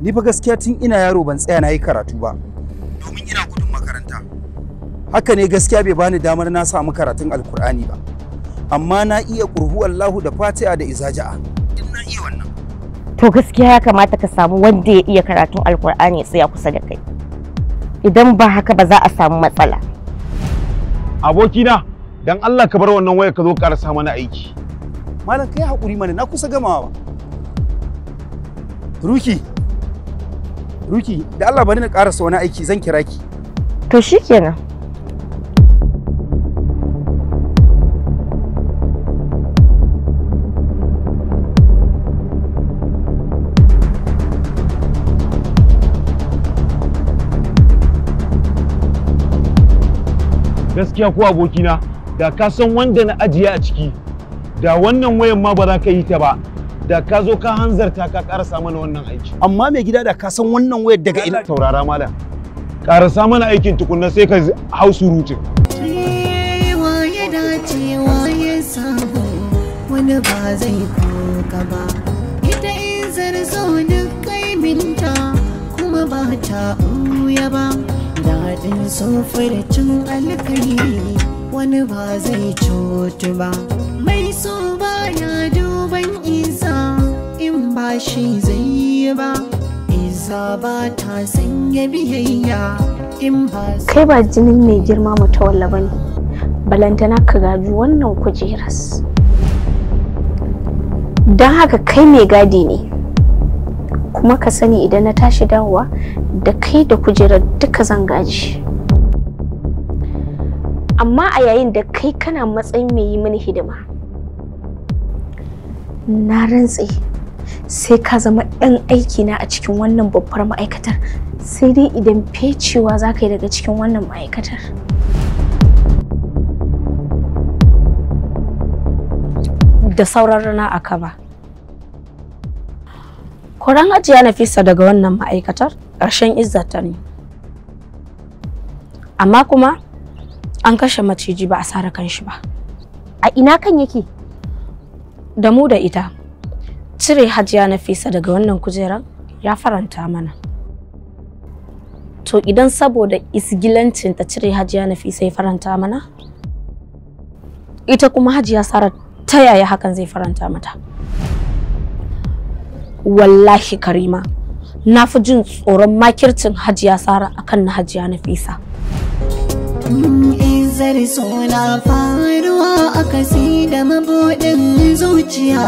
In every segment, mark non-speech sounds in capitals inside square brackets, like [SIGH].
ni fa gaskiya tun ina yaro ban tsaya na yi karatu ba domin ina gudun makaranta haka ne gaskiya bai bani damar na samu karatun alkur'ani ba amma na iya ƙurhu Allahu da Fatiha da Izaja'a duk na iya wannan to gaskiya ya kamata ka samu wanda ya iya karatun alkur'ani ya tsaya kusa da kai idan ba haka ba za a samu matsala abokina dan Allah ka bar wannan waya ka zo ƙarasa mana aiki malam kai haƙuri mana na kusa gamawa ba Ruki. Ruki, da Allah bari na karasa wani aiki zan kira ki. To shikenan. gaskiya ko abokina da ka san wanda na ajiye a ciki da wannan wayan ma ba za ka yi ta ba da ka zo ka hanzarta ka karasa mana wannan aiki amma mai gida da ka san wannan wayar daga ina taurara malam karasa mana aikin tukunna sai ka hau surutun wani ba zai koka ba ita in zarzo duk kai minta kuma ba ta uya ba daɗin sofar cin alkali wani ba zai cutu ba na isa in ba shi zai yi ta sanya biyayya in ba kai jinin mai girma mutawalla ba ne balantana ka gaji wannan kujeras don haka kai mai gadi ne kuma ka sani idan na tashi dawowa da kai da kujerar duka zan gaji amma a yayin da kai kana matsayin mai yi mini hidima na rantse sai ka zama ɗan aiki na a cikin wannan babbar ma'aikatar sai dai idan fecewa za ka yi daga cikin wannan ma'aikatar da sauran rana a kaba koran ajiya fisa daga wannan ma'aikatar ƙarshen izzata ne amma kuma an kashe maciji ba a sare kan shi ba a ina kan yake da mu da ita cire hajiya na fisa daga wannan kujerar ya faranta mana to idan saboda isgilancin ta cire hajiya na fisa ya faranta mana ita kuma hajiya sara ta yaya hakan zai faranta mata wallahi karima na fi jin tsoron makircin hajiya sara akan na hajiya nafisa mm -hmm. zarso na faruwa a kasi da mabuɗin zuciya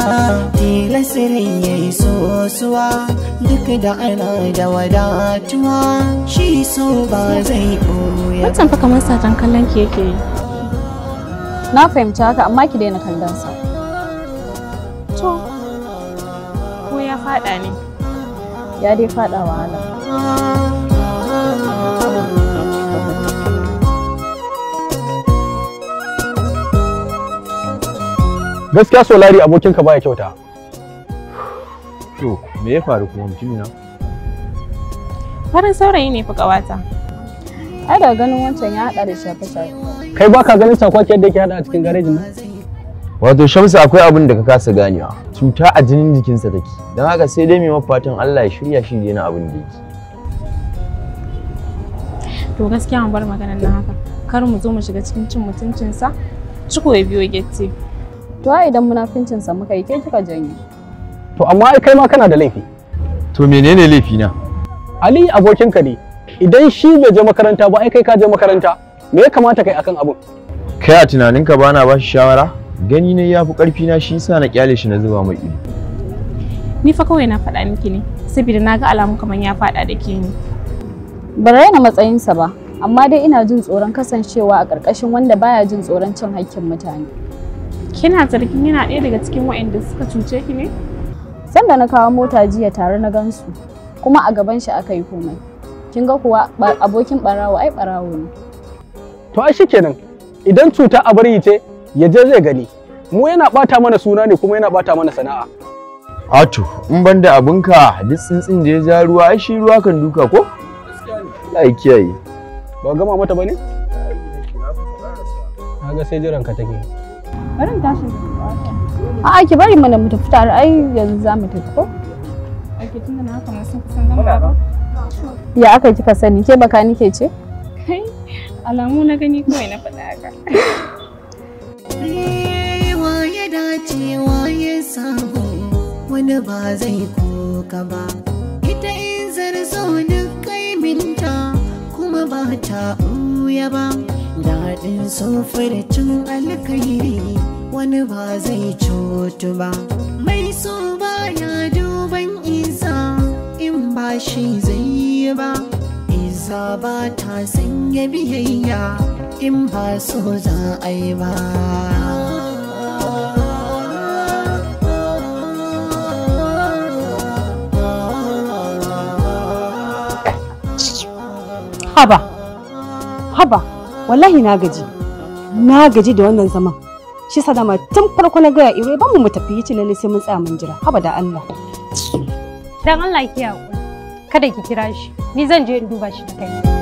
tilasirin ya yi sosuwa duk da ana da wadatuwa shi so ba zai ɓoye wancan fa kamar satan kallon ki yake yi na fahimci haka amma ki daina kallon sa to ko ya fada ne ya dai wa wahala gaskiya solari abokinka baya kyauta to me ya faru kuma mutumina farin saurayi ne fa kawata ai da ganin wancan ya hada da shafe shafe kai ba ka ganin sakwaki yadda yake hada a cikin garejin nan wato shamsu akwai abin da ka kasa ganewa cuta a jinin jikinsa take don haka sai dai mai fatan allah ya shirya shi yana abin da yake to gaskiya mun bar maganar nan haka kar mu zo mu shiga cikin cin mutuncinsa ciko ya biyo gette to ai idan munafincin sa muka yi ke kika janyo to amma ai kai ma kana da laifi to menene laifi na ali abokinka ne idan shi bai je makaranta ba ai kai ka je makaranta me ya kamata kai akan abun kai a tunaninka ba na bashi shawara gani ne ya fi karfi na shi sa na kyale shi na zuba mai ido ni fa kawai na faɗa miki ne saboda na ga alamu kamar ya faɗa da ke ni ban raina matsayinsa ba amma dai ina jin tsoron kasancewa a ƙarƙashin wanda baya jin tsoron cin hakkin mutane Kina zargin yana ɗaya daga cikin waɗanda suka cuce ki ne? Sanda na kawo mota jiya tare na gansu, kuma a gaban shi aka yi komai. Kin ga kuwa abokin ɓarawo ai ɓarawo ne. To ai kenan idan cuta a bari ce, ya je zai gani. Mu yana ɓata mana suna ne kuma yana ɓata mana sana'a. Ato, in ban da abinka duk tsintsin da ya ja ruwa, ai shi ruwa kan duka ko? Allah ya kiyaye. Ba gama mata ba ne? ga sai jiranka take. Bari tashi. A'a ki bari mana mu tafi tare ai yanzu za mu tafi ko? Ake tunda na kama sun kusan zan ba. Ya aka kika sani ke baka nike ce? Kai alamu na gani kawai na faɗa haka. Eh, ya dace wa ya sabo wani ba zai koka ba. Ita in zarzo ni kai minta kuma ba ta uya ba. Daɗin sofar cin alkairi wani ba zai cutu ba mai so baya duban isa in ba shi zai yi ba isa ba ta sanya biyayya in ba so za a yi ba haba haba wallahi na gaji na gaji da wannan zaman shi sa tun farko na gaya iwe ban mu mu tafi yi lalle sai mun tsaya mun jira haba da Allah dan Allah ki hakuri kada ki kira shi ni zan je in duba shi da kai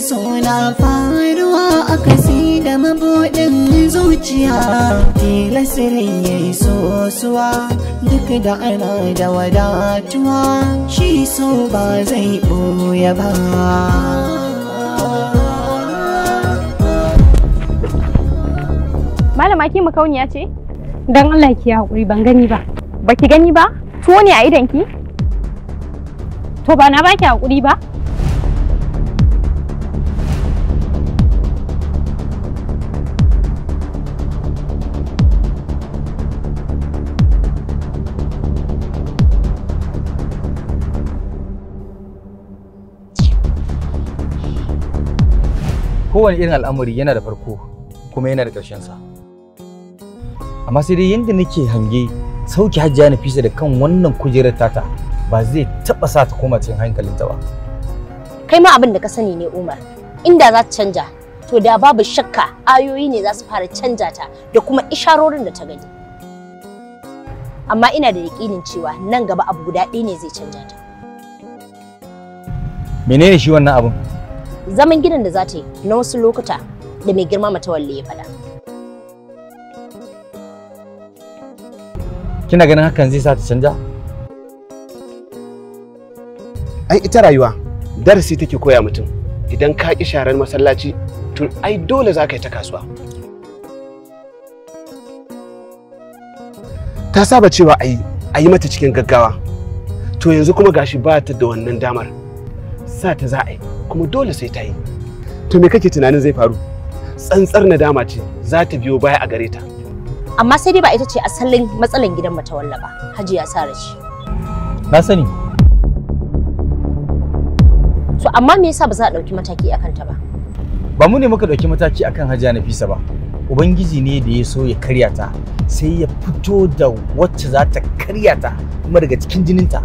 suna faruwa a kasi da mabuɗin zuciya tila sirin ya yi sosuwa duk da ana da wadatuwa shi so ba zai ɓoye ba malama ki makauniya ce dan Allah ki hakuri ban gani ba baki gani ba tuwo ne a idan ki to ba na baki hakuri ba kowane irin al'amari yana da farko kuma yana da ƙarshen sa amma sai dai yadda nake hange sauki hajjiya fisa da kan wannan kujerar tata ba zai taɓa sa ta koma cikin hankalinta ba kai ma abin da ka sani ne umar inda za ta canja to da babu shakka ayoyi ne za su fara canja ta da kuma isharorin da ta gani amma ina da yakinin cewa nan gaba abu guda ɗaya ne zai canja ta menene shi wannan abin zaman gidan da za ta yi na wasu lokuta da mai girma matawalle ya faɗa. Kina ganin hakan zai sa ta canja? Ai ita rayuwa darasi take koya mutum idan ka ƙi sharar masallaci tun ai dole za ka yi ta kasuwa. Ta saba cewa a yi mata cikin gaggawa to yanzu kuma gashi ba ta da wannan damar. sa ta za a yi kuma dole sai ta yi to me kake tunanin zai faru tsantsar nadama ce za ta biyo baya a gare ta amma sai dai ba ita ce asalin matsalan gidan matawalla ba ya sara shi. na sani to amma me yasa ba za a dauki mataki akan ta ba ba mu ne muka ɗauki mataki akan hajiya nafisa ba ubangiji ne da ya so ya karya ta sai ya fito da wacce za ta karya ta kuma daga cikin jininta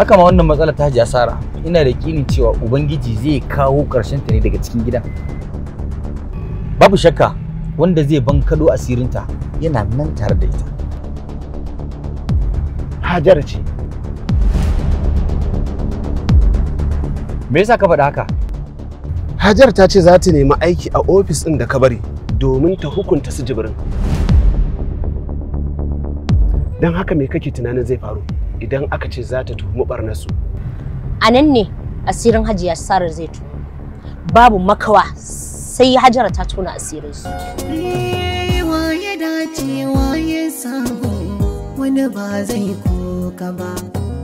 haka ma wannan matsalar ta haji asara ina da kinin cewa ubangiji zai kawo ƙarshen ta ne daga cikin gidan babu shakka wanda zai bankado asirinta yana nan tare da ita hajar ce me yasa ka faɗa haka hajar ta ce za ta nemi aiki a ofis ɗin da ka bari domin ta hukunta su jibirin don haka me kake tunanin zai faru idan aka ce za ta tuhumi barnarsu. A nan ne asirin hajiya sara zai Babu makawa sai hajara ta tona asirinsu. Waye dace waye sabo wani ba zai koka ba.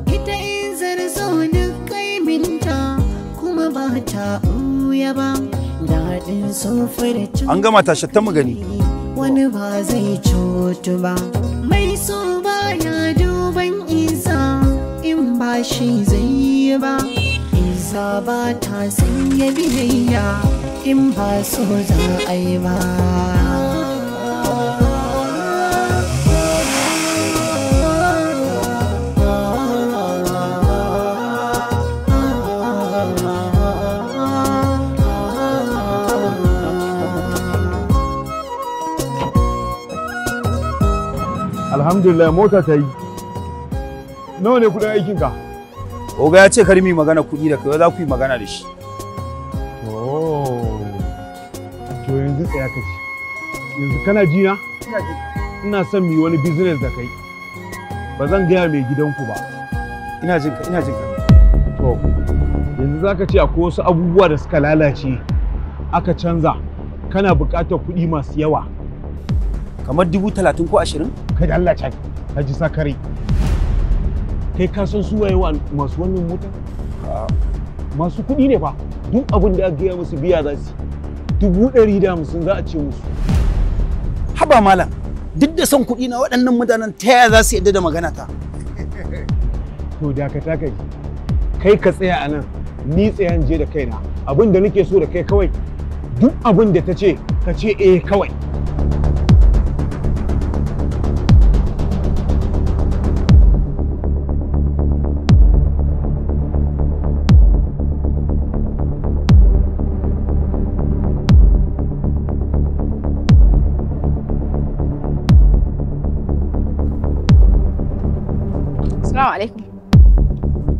Ita in zarzo duk kaiminta kuma ba ta ɓuya ba. Daɗin sofar An gama tashar ta magani. Wani ba zai cutu ba. Mai so baya duban isa in ba shi zai yi ba isa ba ta sanya biyayya in ba so za a yi ba alhamdulillah mota ta yi nawa ne kudin aikin ka oga ya ce kar mi magana kudi da kai za ku yi magana da shi to yanzu tsaya ka ci yanzu kana ji na ina son mi wani business da kai ba zan gaya mai gidanku ba ina jin ka ina jin ka to yanzu zaka ce akwai wasu abubuwa da suka lalace aka canza kana buƙatar kuɗi masu yawa kamar dubu talatin ko ashirin kai Allah can ka ji sakare kai ka san su waye masu wannan mota masu kuɗi ne fa duk abin da aka gaya musu biya za su dubu ɗari da hamsin za a ce musu haba malam duk da son kuɗi na waɗannan mutanen ta yaya za su yadda da magana ta [LAUGHS] to dakata kai kai ka tsaya a nan ni tsayan je da kaina abin da nake so da kai kawai duk abin da ta ce ka ce eh kawai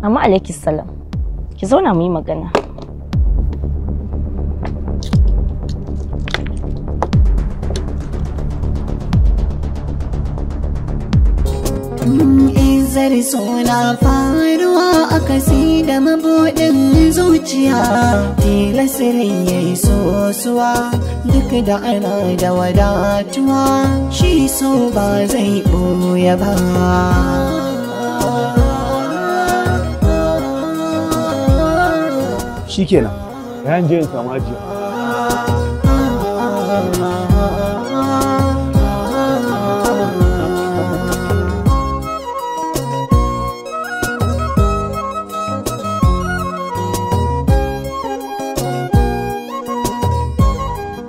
Mama alaikis salam. Ki zauna mu yi magana. Izar suna faruwa a kasi da mabuɗin zuciya tilasirin ya yi sosuwa duk da ana da wadatuwa shi so ba zai ɓoye ba. shikenan bayan je samaji. samu ajiya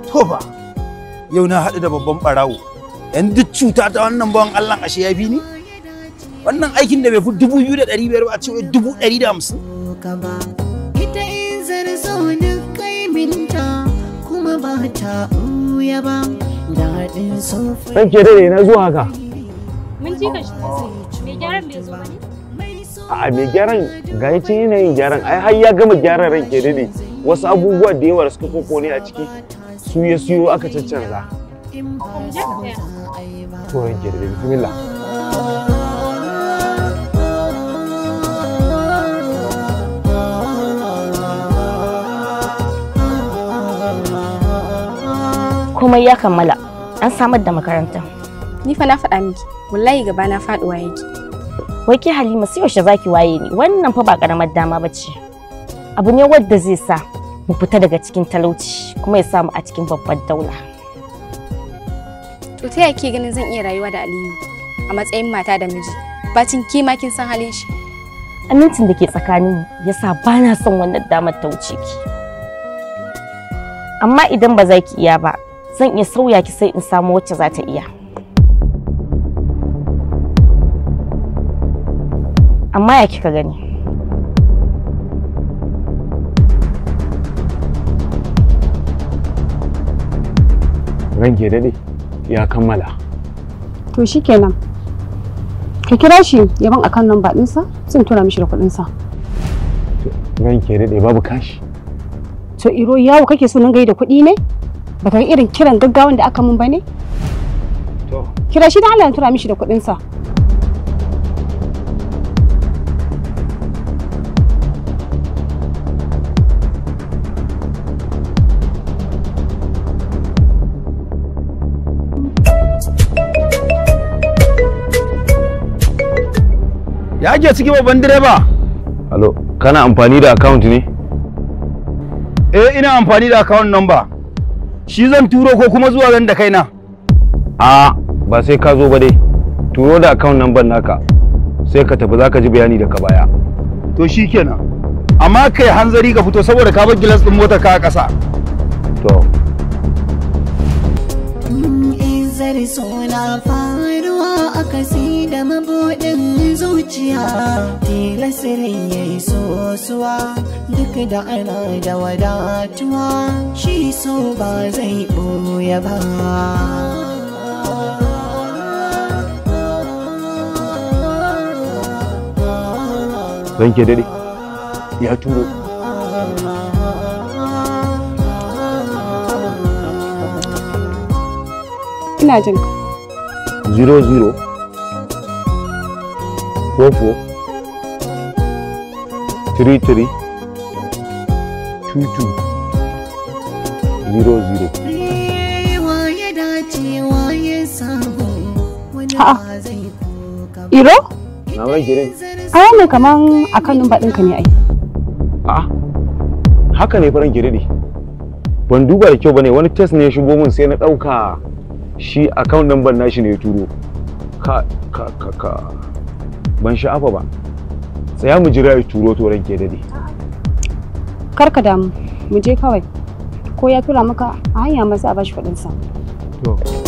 Tofa, yau na haɗu da babban ɓarawo, ‘yan duk cuta ta wannan bawan Allah ashe ya bi ni? Wannan aikin da bai fi dubu biyu da ɗari biyar ba a ce dubu ɗari da hamsin? ba ta ɓuya ba daɗin dare na zuwa haka. Mun ji ka shi mai gyaran bai zo ba ne? A'a mai gyaran ga yanayin gyaran ai har ya gama gyaran ranke dare wasu abubuwa da yawa da suka koko ne a ciki su ya suyo aka caccanza. Mu ran ka dare bismillah. komai ya kammala an samar da makaranta ni fa na faɗa miki wallahi gaba na faɗuwa ki. wai ke halima sai yaushe zaki waye ni wannan fa ba karamar dama bace abu ne wanda zai sa mu fita daga cikin talauci kuma ya samu a cikin babbar daula to ta yake ganin zan iya rayuwa da aliyu a matsayin mata da miji bacin ke ma kin san halin shi amincin da ke tsakanin ya sa ba na son wannan damar ta wuce ki amma idan ba za ki iya ba zan iya sauya ki sai in samu wacce za ta iya amma ya kika gani ke daɗe ya kammala. To shi kenan. Ka kira shi ya ban akan nan ɗinsa sun tura mishi da kuɗinsa. ke daɗe babu kashi. To Iro yawo kake so nan gai da kuɗi ne? baka irin kiran gaggawan da aka mun ba ne? Kira shi da Allah tura mishi da kuɗinsa. Ya ake ciki babban direba? halo kana amfani da account ne? Eh, ina amfani da account number. shi zan turo ko kuma zuwa zan da kaina a ba sai ka zo ba dai turo da account number naka sai ka tafi zaka ji bayani daga baya to shikenan amma kai hanzari ka fito saboda ka bar gilas din motar ka a kasa to suna faruwa a kasi da mabuɗin zuciya tilasirin ya yi sosuwa duk da ana da wadatuwa shi so ba zai ɓoye ba ranke dare ya turo Ina jin ka. Zero zero. Four four. Three three. Two two. Zero zero. A'a. Iro? Na wai gidan. Kaya ne kaman akan ka ne ai. A'a. Haka ne farin ne. Ban duba da kyau bane wani test ne ya shigo min sai na ɗauka shi account number nashi ne ya turo ka ka ka ka ban sha'afa ba tsaya mu jira ya turo to ranke dade kar ka damu mu je kawai ko ya tura maka a hanya masa a bashi sa to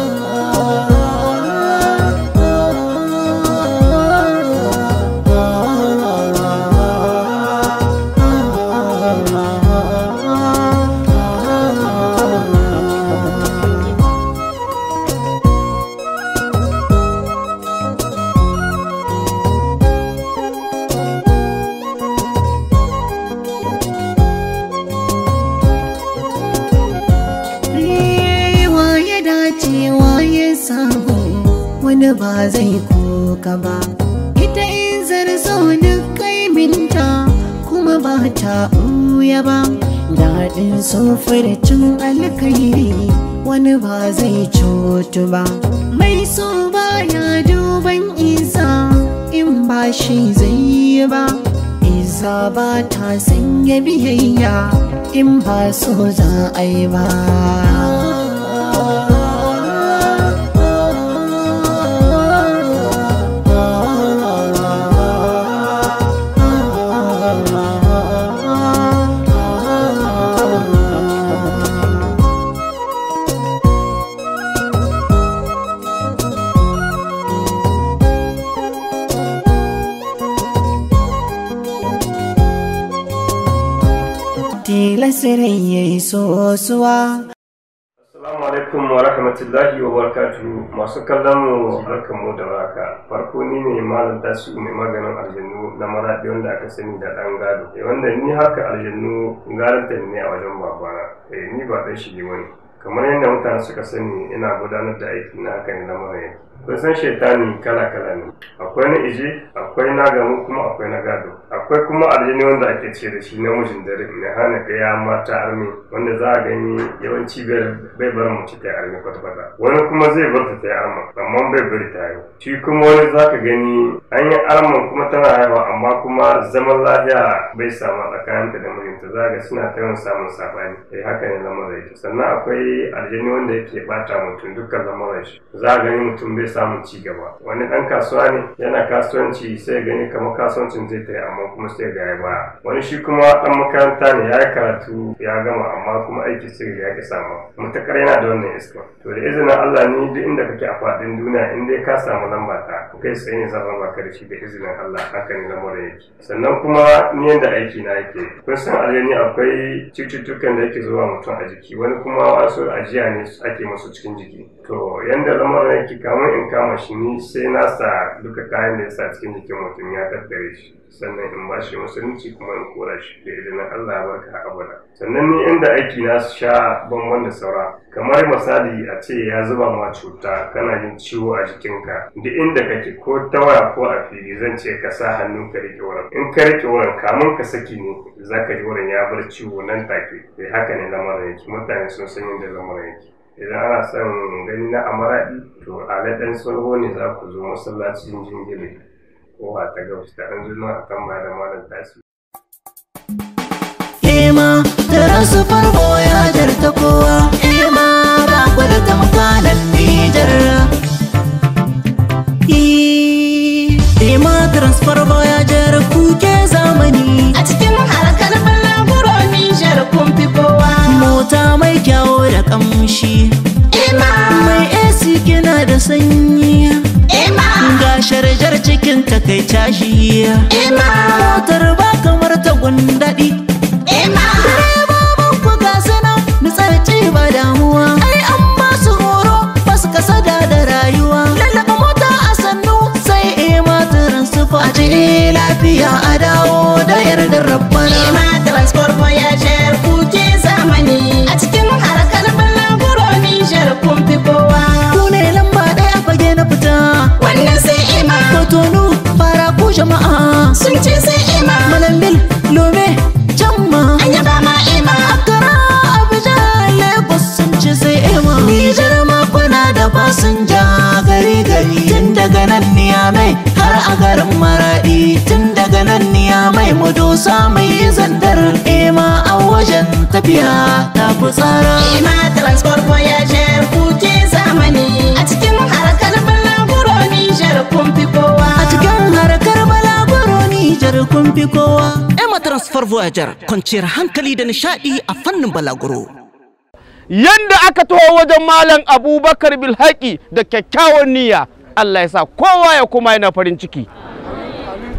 ba zai koka ba ita in zarzo na kai minta kuma ba ta ɓuya ba daɗin cin alkairi wani ba zai cutu ba mai so ba ya duban isa in ba shi zai yi ba isa ba ta sanya biyayya in ba so za a yi ba nasirin ya yi sosuwa. Assalamu alaikum wa rahmatullahi wa barakatuhu masu kallon mu barkanmu da waraka farko ni ne malam tasu mai maganin aljannu na maraɗi wanda aka sani da ɗan gado eh, wanda ni haka aljannu garanta ne a wajen babana eh, ni ba ɗan ne wani kamar yadda mutane suka sani ina gudanar da aiki na haka ne na mara san shaitani kala kala ne akwai na ije akwai na gamu kuma akwai na gado akwai kuma aljini wanda ake ce da shi namijin dare ne hana gaya mata armi wanda za a gani yawanci bai bar mace ta armi kwata kwata wani kuma zai bar ta ta arma amma bai bari ta yi shi kuma wani za ka gani an yi arma kuma tana yawa amma kuma zaman lafiya bai samu ta da mijinta za ga suna ta yawan samun sabani yi eh, haka ne lamarin sannan akwai aljini wanda yake bata mutum dukkan lamarin shi za a gani mutum bai samun ci gaba wani ɗan kasuwa ne yana kasuwanci sai gani kamar kasuwancin zai ta yi amma kuma sai ga ya baya wani shi kuma ɗan makaranta ne ya yi karatu ya gama amma kuma aiki sai ga ya ki samu mutakar yana da wannan iska to da izinin Allah ni duk inda kake a faɗin duniya in dai ka samu lamba ta kai sai ne zan ba ka da shi da izinin Allah haka ne lamarin yake sannan kuma ni yanda aiki na yake kun san aljani akwai cututtukan da yake zuwa mutum a jiki wani kuma wasu ajiya ne ake masu cikin jiki to yanda lamarin yake kamar in kama shi ni sai na sa duka kayan da ya sa cikin jikin mutum ya tattare shi sannan in ba shi musulunci kuma in kora shi da idan Allah ya barka abada sannan ni inda aiki na sha ban da saura kamar misali a ce ya zuba ma cuta kana yin ciwo a jikinka duk inda kake ko ta waya ko a fili zan ce ka sa hannun ka rike wurin in ka rike wurin kamun ka saki ne zaka ji wurin ya bar ciwo nan take eh, haka ne lamarin yake mutane sun san yadda lamarin yake idan ana son gani na amara to a laɗin sulhu ne za ku zo masallacin jingile ko a ta gabas ta an zuwa a kan da malam tasi. Hema da rasu farko ya jarta kowa, Hema ba ku da tamfanan Nijar. Hema transfer ya jar kuke zamani a cikin Mota mai kyau da kamshi mai AC kina da sanyi ga jar cikin tashi shi motar ba kamar ta gundadi direba mun ku ga sanan nitsar ba damuwa aje lafiya a dawo da yardar rabbana Shima transport voyager kuke zamani a cikin harkar balaguro Nijar kun fi kowa ku ne lamba daya fage na fita wannan sai ima kotonu fara ku jama'a sun ce sai ima malambil lome jamma an yaba ma ima akara abuja lagos sun ce sai ima nijar ma da fasinja gari gari tun daga nan mai? a garin maraɗi tun daga nan niya mai madosa mai zandar ema a wajen tafiya ta fi tsara ema transport voyager kuke zamani a cikin harkar balaguro nijar kun fi kowa a cikin harkar balaguro nijar kun fi kowa ema transport voyager kwanciyar hankali da nishaɗi a fannin balaguro yanda aka taho wajen malam abubakar bilhaki da kyakkyawan niyya Allah ya sa kowa ya kuma yana farin ciki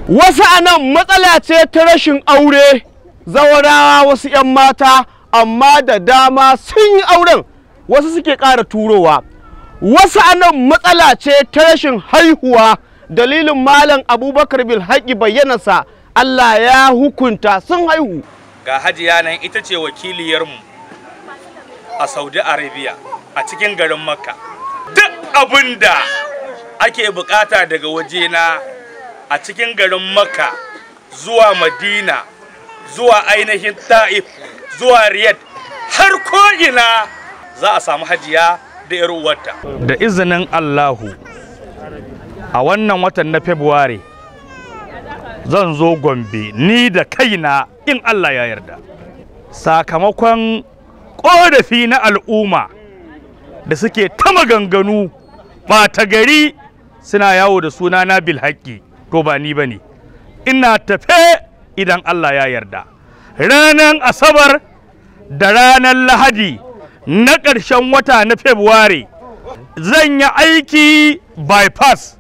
wasu anan matsala ce ta rashin aure zawarawa wasu 'yan mata amma da dama sun yi auren wasu suke ƙara turowa wasu anan matsala ce ta rashin haihuwa dalilin malam abubakar bayyana bayyanarsa Allah ya hukunta sun haihu ga hajiya nan ita ce wakiliyarmu a saudi arabia a cikin garin makka duk abin da. ake bukata daga wajena a cikin garin makka zuwa madina zuwa ainihin ta'if zuwa riyad har ko'ina za a samu hajiya da uwarta. da izinin allahu a wannan watan na february zan zo gombe ni da kaina in allah ya yarda sakamakon ƙodafi na al'umma da suke ta maganganu ba ta gari suna yawo da suna na bilhaƙi to ba ni ba ne ina tafe idan Allah ya yarda ranar asabar da ranar lahadi na ƙarshen wata na february zan yi aiki bypass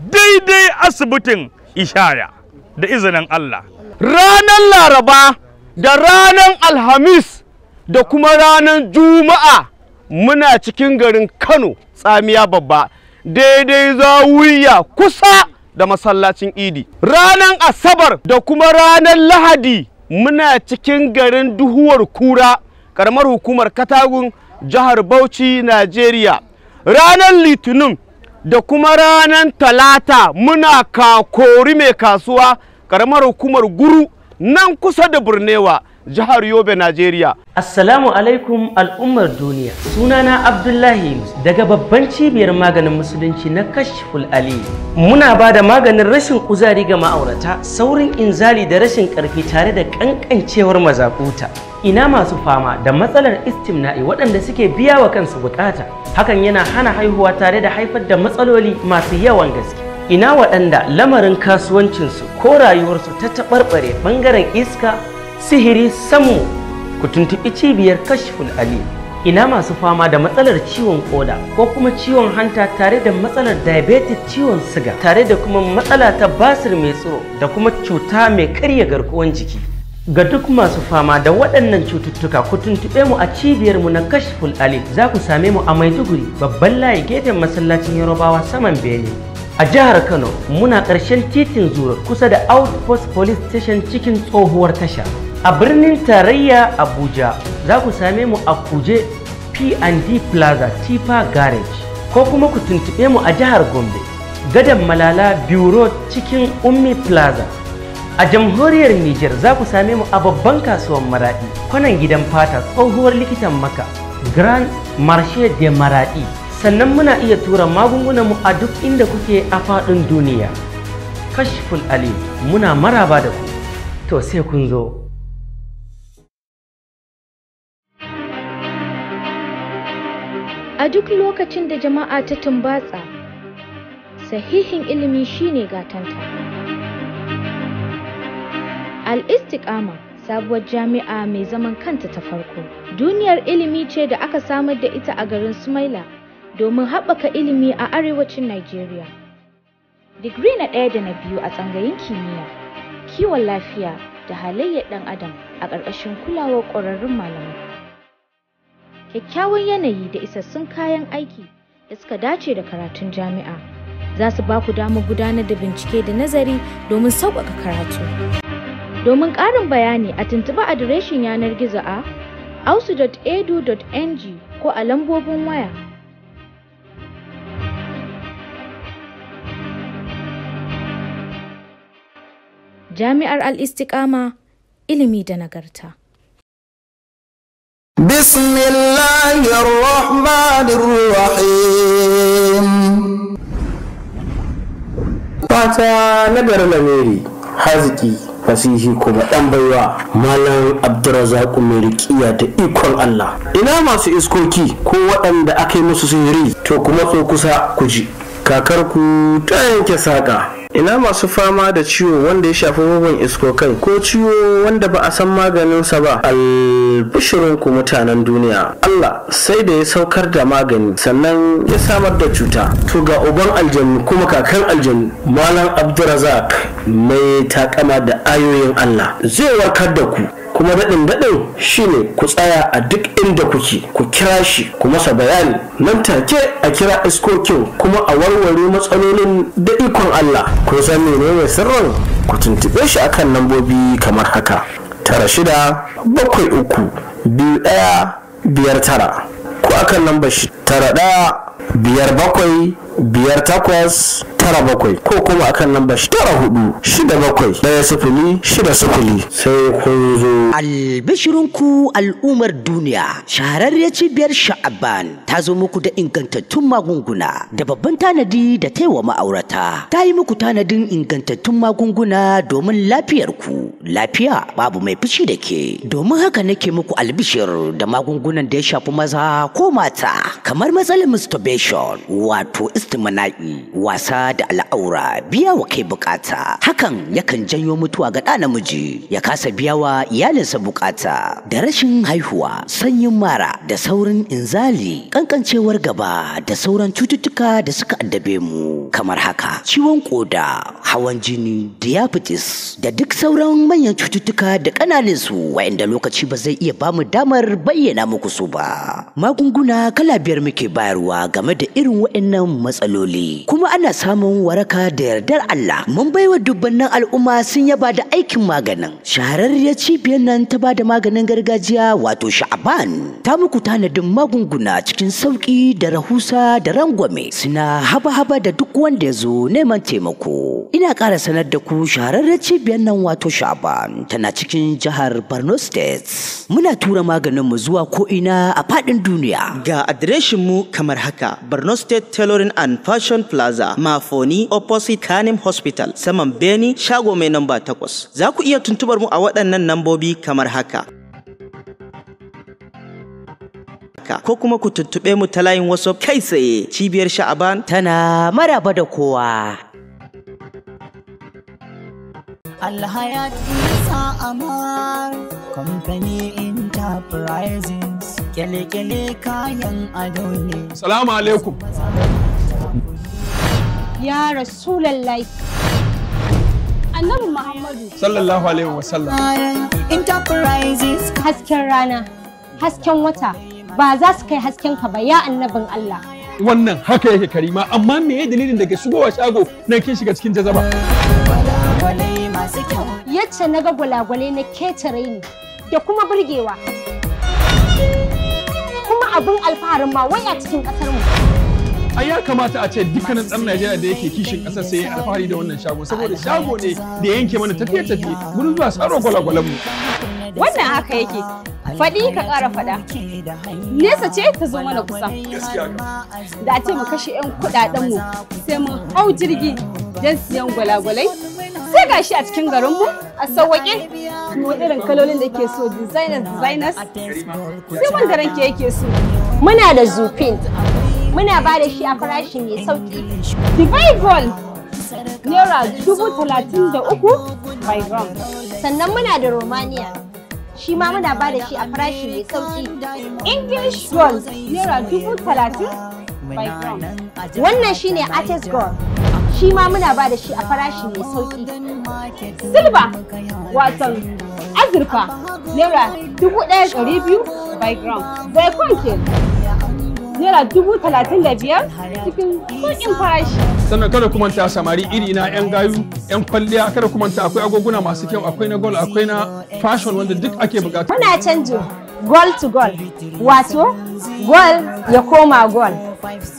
daidai asibitin ishaya da izinin Allah ranar laraba da ranar alhamis da kuma ranar juma'a muna cikin garin kano tsamiya babba daidai za wuya kusa da masallacin idi ranar asabar da kuma ranar lahadi muna cikin garin duhuwar kura karamar hukumar katagun jihar bauchi najeriya ranar litinin da kuma ranar talata muna kakori mai kasuwa karamar hukumar guru nan kusa da burnewa jihar Yobe, Najeriya. Assalamu alaikum al'ummar duniya. Sunana Abdullahi daga babban cibiyar maganin musulunci na Kashful Ali. Muna ba da maganin rashin kuzari ga ma'aurata, saurin inzali da rashin karfi tare da ƙanƙancewar mazakuta. ina masu fama da matsalar istimna'i waɗanda suke biya wa kansu bukata hakan yana hana haihuwa tare da haifar da matsaloli masu yawan gaske ina waɗanda lamarin kasuwancinsu ko rayuwarsu ta taɓarɓare ɓangaren iska sihiri samu ku tuntuɓi cibiyar kashful ali ina masu fama da matsalar ciwon koda ko kuma ciwon hanta tare da matsalar diabetes ciwon siga tare da kuma matsala ta basir mai tsoro da kuma cuta mai karya garkuwan jiki ga duk masu fama da waɗannan cututtuka ku tuntuɓe mu a cibiyar mu na kashful ali za ku same mu a maiduguri babban layi gefen masallacin yarobawa saman bene A jihar Kano muna ƙarshen titin zura kusa da Outpost Police Station cikin tsohuwar tasha. A birnin tarayya Abuja za ku same mu a Kuje P&D Plaza Tifa Garage ko kuma ku tuntube mu a jihar Gombe. Gadon Malala Bureau cikin Ummi Plaza. A jamhuriyar Nijar za ku same mu a babban kasuwar Maraɗi, kwanan gidan fata tsohuwar likitan Maka, Grand Marché de Maraɗi. sannan muna iya tura magungunanmu a duk inda kuke a faɗin duniya kashful ali muna maraba da ku to sai kun zo a duk lokacin da jama'a ta tumbatsa sahihin ilimi shine gatanta al sabuwar jami'a mai zaman kanta ta farko duniyar ilimi ce da aka samar da ita a garin sumaila domin haɓaka ilimi a arewacin Najeriya. Digiri na ɗaya da na biyu a tsangayin kimiyya, kiwon lafiya da halayyar ɗan adam a ƙarƙashin kulawar ƙwararrun malamai. Kyakkyawan yanayi da isassun kayan aiki da suka dace da karatun jami'a za su ba ku damar gudanar da bincike da nazari domin sauƙaƙa karatu. Domin ƙarin bayani a tuntuɓi adireshin yanar gizo a ausu.edu.ng ko a lambobin waya Jami'ar al ilimi da nagarta. Fata na Lamiri, haziki, fasihi kuma ɗan baiwa malam abdurazak mai riƙiya da ikon Allah ina masu iskoki ko waɗanda aka yi musu sihiri to kuma tso kusa ku ji kakarku ta yanke saƙa ina masu fama da ciwo wanda ya shafi bugun iskokai ko ciwo wanda ba a san maganinsa ba Albishirin ku mutanen duniya Allah sai da ya saukar da magani sannan ya samar da cuta to ga uban aljanu kuma kakan aljanu malam abdurazak mai takama da ayoyin Allah zai warkar da ku kuma daɗin daɗin shine ku tsaya a duk inda kuke ku kira shi ku masa bayani nan take a kira iskokin kuma a warware matsalolin da ikon Allah ko san menene sirrin ku tuntube shi akan lambobi kamar haka tara shida bakwai uku biyu ɗaya biyar tara ko akan lambar shi tara ɗaya biyar bakwai biyar takwas tara bakwai ko kuma akan lambar tara hudu shida bakwai daya sifili shida sifili sai kun zo. Albishirinku al'ummar duniya shahararriyar cibiyar sha'aban ta zo muku da ingantattun magunguna da babban tanadi da ta yi wa ma'aurata ta yi muku tanadin ingantattun magunguna domin lafiyarku lafiya babu mai fushi da ke domin haka nake muku albishir da magungunan da ya shafi maza ko mata kamar matsalar masturbation wato is. istimna'i wasa da al'aura biya wa kai bukata hakan yakan janyo mutuwa ga ɗa namiji ya kasa biya wa iyalinsa bukata da rashin haihuwa sanyin mara da saurin inzali kankancewar gaba da sauran cututtuka da suka addabe mu kamar haka ciwon koda hawan jini diabetes da duk sauran manyan cututtuka da ƙananan su wa'inda lokaci ba zai iya bamu damar bayyana muku su ba magunguna kala biyar muke bayarwa game da irin wa'innan matsaloli kuma ana samun waraka da yardar Allah mun baiwa dubbannin al'umma sun yaba da aikin maganin shahararriyar cibiyar nan ta bada maganin gargajiya wato sha'aban ta muku tanadin magunguna cikin sauki da rahusa da rangwame suna haba-haba da duk wanda ya zo neman taimako ina ƙara sanar da ku shahararriyar cibiyar nan wato sha'aban tana cikin jihar Borno State muna tura maganin mu zuwa ko ina a faɗin duniya ga adireshin mu kamar haka Borno State Tailoring and and Fashion Plaza, Mafoni, opposite Kanem Hospital, saman Beni, shago mai namba takwas. Za ku iya tuntubar mu a waɗannan nambobi kamar haka. ko kuma ku tuntuɓe mu ta layin wasu kai tsaye cibiyar sha'aban tana maraba da kowa. Alhayat Isa Amar Company Enterprises Kele-kele kayan ado Salamu alaikum. ya rasulallahi annabi muhammadu sallallahu alaihi wasallam enterprises hasken rana hasken wata ba za su kai hasken ka ba ya annabin Allah wannan haka yake karima amma me ya dalilin daga shigowa shago na kin shiga cikin jazaba yacce na ga gwalagwale na ketare ni da kuma burgewa kuma abin alfaharin ma wai a cikin ƙasar mu a ya kamata a ce dukkanin ɗan Najeriya da yake kishin ƙasa sai ya alfahari da wannan shago saboda shago ne da yanke mana tafiye-tafiye gudun zuwa tsaro gwalagwalan mu. Wannan haka yake faɗi ka ƙara faɗa nesa ce ta zo mana kusa da ce mu kashe 'yan kuɗaɗen mu sai mu hau jirgi don siyan gwalagwalai sai gashi a cikin garinmu a sauwaƙe mu irin kalolin da ke so designers designers sai wanda ranke yake so muna da zupin muna ba da shi a farashi mai sauki. Divine Naira dubu talatin da uku by gram. Sannan muna da Romania. Shi ma muna ba da shi a farashi mai sauki. English gold Naira dubu talatin by gram. Wannan shi ne artist gold. Shi ma muna ba da shi a farashi mai sauki. Silver wasan azurfa Naira dubu ɗaya ɗari biyu by gram. Zai kwanke. naira dubu talatin da biyar cikin kuɗin farashi. sannan kada kuma ta samari iri na yan gayu yan kwalliya kada kuma ta akwai agoguna masu kyau akwai na gol akwai na fashion wanda duk ake bukata. muna canjin goal to goal wato goal ya koma goal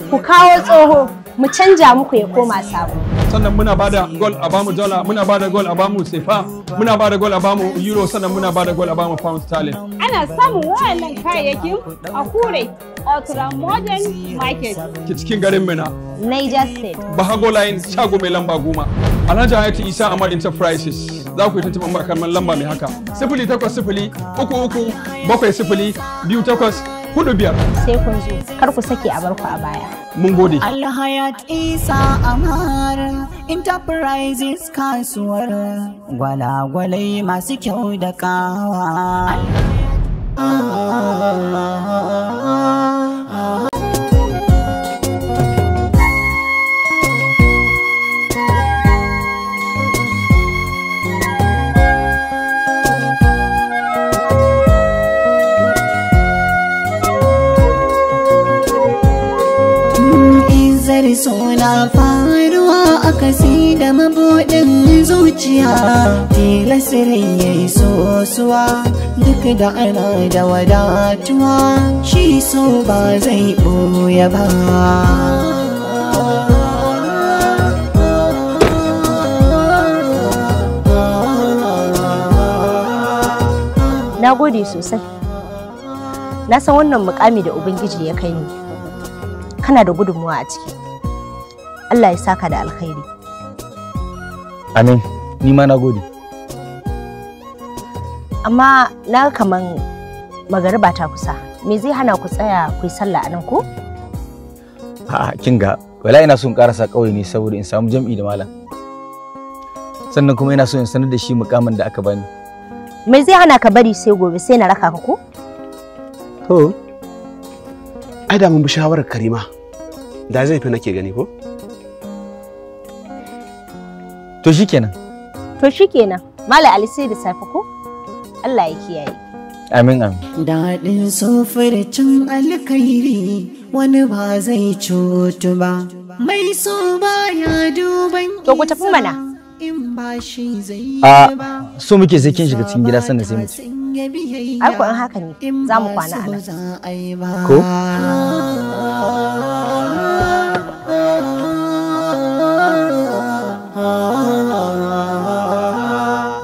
ku kawo tsoho mu canja muku ya koma sabo. sannan muna ba da gol a bamu dola muna ba da gol a bamu sefa muna ba da gol a bamu euro sannan muna ba da gol a bamu pound sterling ana samun wayannan kayayyakin a kure Otura Modern Market. Ke cikin garin Mina. Niger State. Bahago Line shago mai lamba goma. Alhaji Hayatu Isa Ahmad Enterprises. Za ku yi tuntuɓin makamman lamba mai haka. Sifili takwas sifili uku uku bakwai sifili biyu takwas hudu biyar. Sai kun zo, kar ku sake a barku a baya. Mun gode. Alhayat Isa Amar Enterprises kasuwar gwalagwalai masu kyau da kawa. Oh. suna faruwa a kasi da mabuɗin zuciya tilasirin ya yi sosuwa duk da ana da wadatuwa shi so ba zai ɓoye ba na gode sosai na san wannan mukami da ubangiji ya kai ni kana da gudunmuwa a ciki Allah ya saka da alkhairi amin ni ma na gode amma na kaman magariba ta kusa me zai hana ku tsaya ku yi sallah anan ko a'a kin ga wala ina son karasa kauye ne saboda in samu jam'i da malam sannan kuma ina so in sanar da shi mukamin da aka bani me zai hana ka bari sai gobe sai na raka ka ko to ai da mun bi shawarar karima da zai fi nake gani ko To shi kenan. To shi kenan Malam Ali sai da safe ko? Allah ya kiyaye. Amin amin. Daɗin cin alkhairi wani ba zai cutu ba. Mai so ya duban To ku tafi mana. In ba shi zai ba. So muke sai kin shiga cikin gida sannan sai mutu. Ai ko an haka ne za mu kwana a nan. Ko?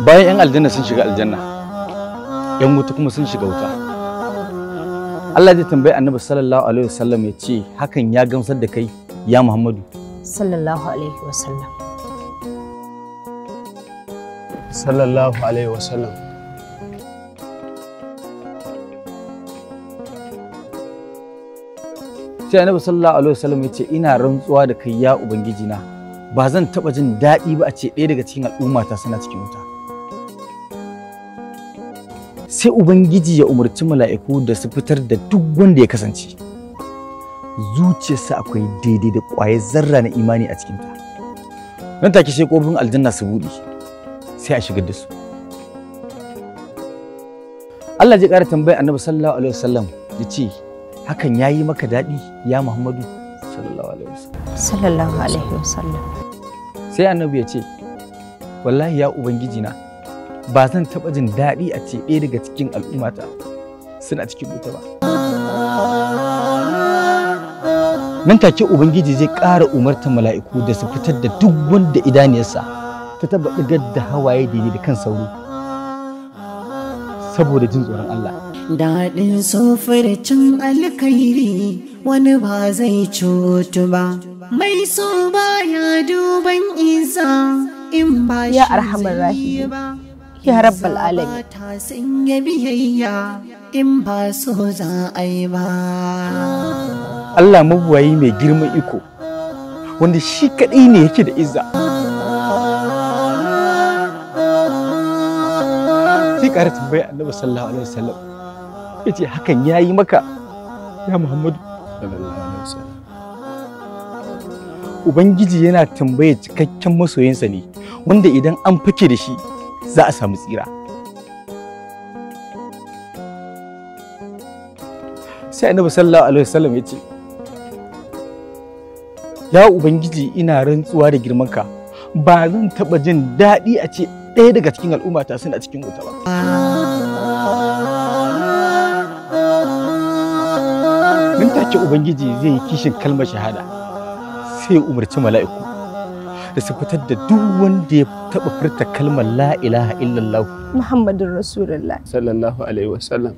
bayan 'yan aljanna sun shiga aljanna 'yan wuta kuma sun shiga wuta Allah zai tambayi annabi sallallahu alaihi wasallam ya ce hakan ya gamsar da kai ya Muhammadu sallallahu alaihi wasallam sallallahu alaihi wasallam sai annabi sallallahu alaihi wasallam ya ce ina rantsuwa da kai ya ubangiji na ba zan taba jin daɗi ba a ce ɗaya daga cikin al'umma ta suna cikin wuta sai ubangiji ya umarci mala'iku da su fitar da duk wanda ya kasance zuciyarsa akwai daidai da kwaye zarra na imani a cikinta nan take sai ƙofofin aljanna su buɗe sai a shigar da su Allah ji ƙara tambayar annabi sallallahu alaihi wasallam ya ce hakan ya yi maka daɗi ya muhammadu sallallahu alaihi wasallam sallallahu alaihi wasallam sai annabi ya ce wallahi ya ubangiji na ba zan taɓa jin daɗi a ce ɗaya daga cikin al'ummata suna cikin wuta ba. Nan take Ubangiji zai ƙara umarta mala'iku da su fitar da duk wanda idaniyarsa ta taba ɗigar da hawaye daidai da kan sauri Saboda jin tsoron Allah. Daɗin cin alkhairi wani ba zai cutu ba. Mai so baya duban isa in ba shi ya arhamar rahimi. ya rabbal alamin ta sun yi biyayya in ba so za a yi ba Allah mabuwayi mai girman iko wanda shi kadai ne yake da izza sai ƙara tambaya annabi sallallahu alaihi wasallam yace hakan yayi maka ya Muhammadu sallallahu alaihi wasallam Ubangiji yana tambayar cikakken masoyinsa ne wanda idan an fake da shi za a samu tsira sai annabi sallallahu alaihi wasallam ya ce ya ubangiji ina rantsuwa da girmanka ba zan taba jin daɗi a ce ɗaya daga cikin al'ummata ta suna cikin wuta ba nan take ubangiji zai yi kishin kalmar shahada sai umarci mala'iku da fitar da duk wanda ya taɓa furta kalmar la ilaha illallah Muhammadun Rasulullah sallallahu alaihi wasallam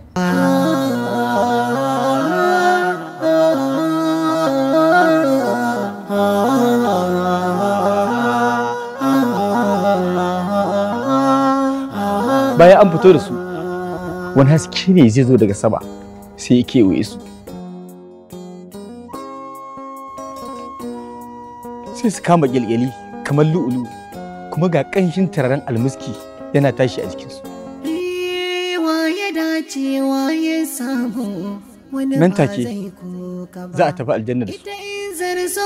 bayan an fito da su wani haske ne zai zo daga sama sai ya kewaye su sai su kama gilgili kamar lu'ulu kuma ga ƙanshin turaren almuski yana tashi a jikinsu. Nan take za a tafi aljanna da su.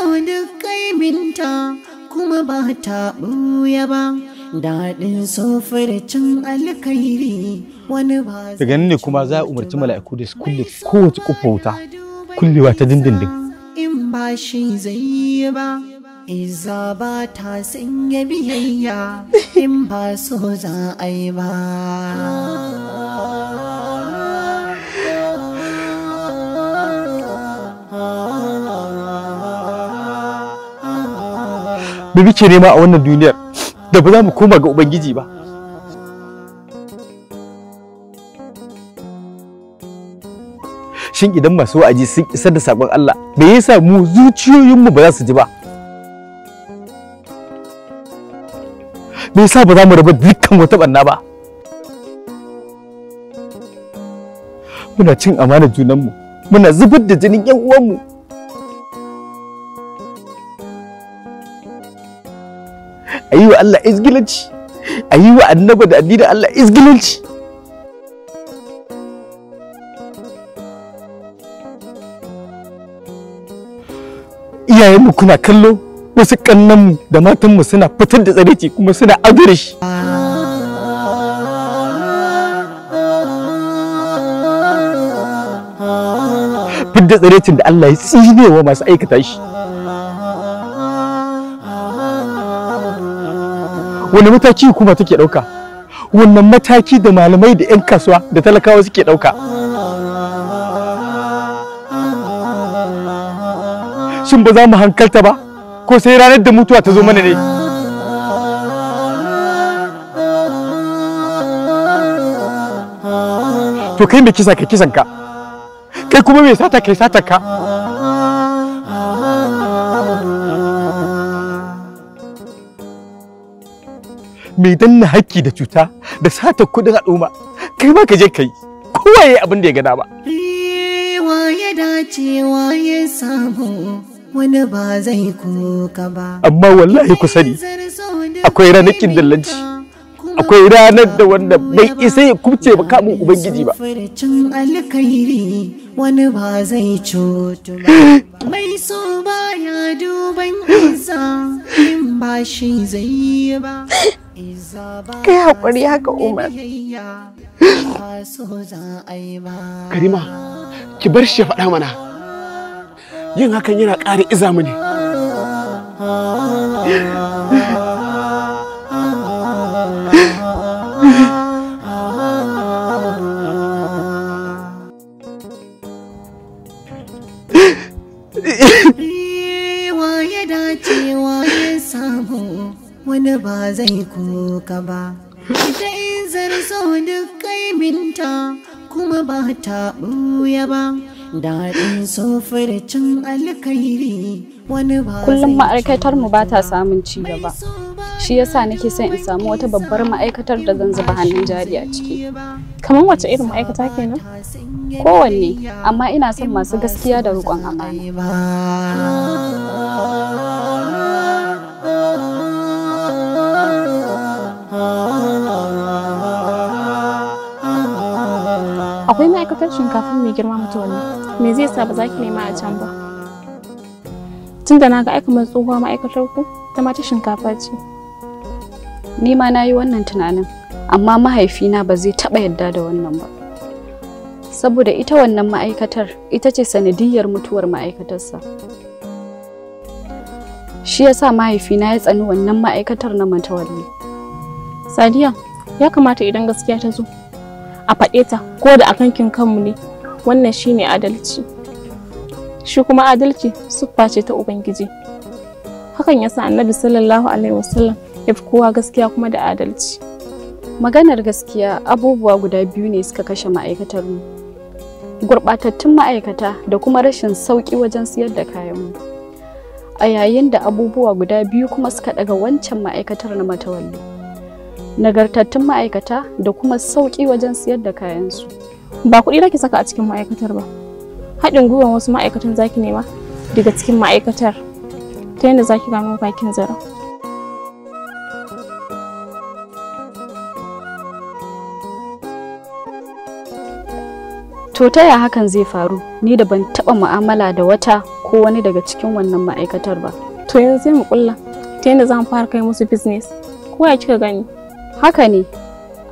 kuma ba ta ɓuya ba daɗin alkairi wani ba daga nan ne kuma za a umarci mala'iku da su kulle kowace kufa wuta kullewa ta dindindin in ba shi zai ba Iza ba ta sanya [LAUGHS] biyayya in ba so za a yi ba. me ke nema a wannan duniyar da ba za mu koma ga ubangiji ba shin idan masu wa'aji sun isar da sakon Allah me yasa mu zuciyoyinmu ba za su ji ba me yasa ba za mu raba dukkan wata banna ba muna cin amana junanmu muna zubar da jinin yan uwanmu a yi wa Allah izgilanci a yi wa annaba da addinin Allah izgilanci iyayenmu kuna kallo wasu kannanmu da matanmu suna fitar da tsareci kuma suna ado shi fidda tsarecin da Allah ya tsinewa masu aikata shi wani mataki kuma take ɗauka wannan mataki da malamai da 'yan kasuwa da talakawa suke ɗauka Sun ba za mu hankalta ba ko sai ranar da mutuwa ta zo mana ne to kai mai kisa ka kisan ka kai kuma mai sata kai sata ka mai danna haƙƙi da cuta da sata kuɗin al'umma kai ma ka je kai kowa ya abin da ya gada ba. dace wani ba zai kuka ba amma wallahi ku sani akwai ranakin dallanci akwai ranar da wanda bai isa ya kubce ba kamun ubangiji ba wani ba zai cutu ba [GASPS] mai so ba ya duban isa in ba shi zai yi ba [GASPS] kai haƙuri haka umar [GASPS] karima ki bar shi ya faɗa mana yin hakan yana ƙara iza mu ne wani ba zai kuka ba ita in zarzo duk kaiminta kuma ba ta ɓuya ba daɗin alkairi wani ba kullum ma'aikatar mu ba ta samun ci gaba shi yasa nake son in samu wata babbar ma'aikatar da zan zuba hannun jari a ciki kamar wace irin ma'aikata kenan kowanne amma ina son masu gaskiya da riƙon amana akwai ma'aikatar shinkafa mai girma mutuwa ne me zai sa ba za ki nema a can ba tun da na ga aika tsohuwa ma'aikatar ku ta mata shinkafa ce ni ma na yi wannan tunanin amma mahaifina ba zai taɓa yadda da wannan ba saboda ita wannan ma'aikatar ita ce sanadiyar mutuwar ma'aikatarsa shi yasa mahaifina ya tsani wannan ma'aikatar na matawalli sadiya ya kamata idan gaskiya ta zo a faɗe ta ko da akan kin kanmu ne wannan shine adalci shi kuma adalci siffa ce ta ubangiji hakan ya sa annabi sallallahu alaihi wasallam ya fi kowa gaskiya kuma da adalci maganar gaskiya abubuwa guda biyu ne suka kashe ma'aikatar mu gurɓatattun ma'aikata da kuma rashin sauƙi wajen siyar da kayanmu a yayin da abubuwa guda biyu kuma suka ɗaga wancan ma'aikatar na matawalli nagartattun ma'aikata da kuma sauƙi wajen siyar da kayansu ba kuɗi nake saka a cikin ma'aikatar ba haɗin gwiwan wasu ma'aikatan zaki nema daga cikin ma'aikatar ta yadda zaki gano bakin zara to ta ya hakan zai faru ni da ban taɓa mu'amala da wata ko wani daga cikin wannan ma'aikatar ba to yanzu sai mu kulla ta yadda za mu fara kai musu business ko ya kika gani haka ne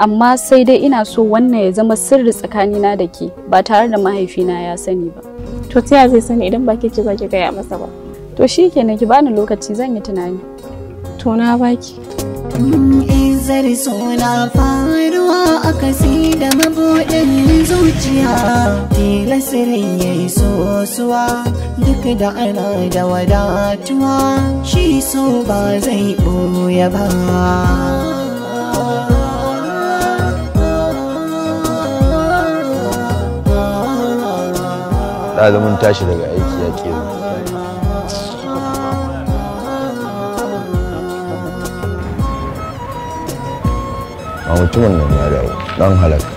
amma sai dai ina so wannan ya zama sirri tsakanina da ke ba tare da mahaifina ya sani ba to ta zai sani idan ba ke ce za ki gaya masa ba to shi kenan ki bani lokaci zan yi tunani to na baki izar suna faruwa a kasi da mabuɗin zuciya tilasirin ya yi sosuwa duk da ana da wadatuwa shi so ba zai ɓoye ba ɗalibin tashi daga aiki ya ke a mutumin nan ya dawo ɗan halakka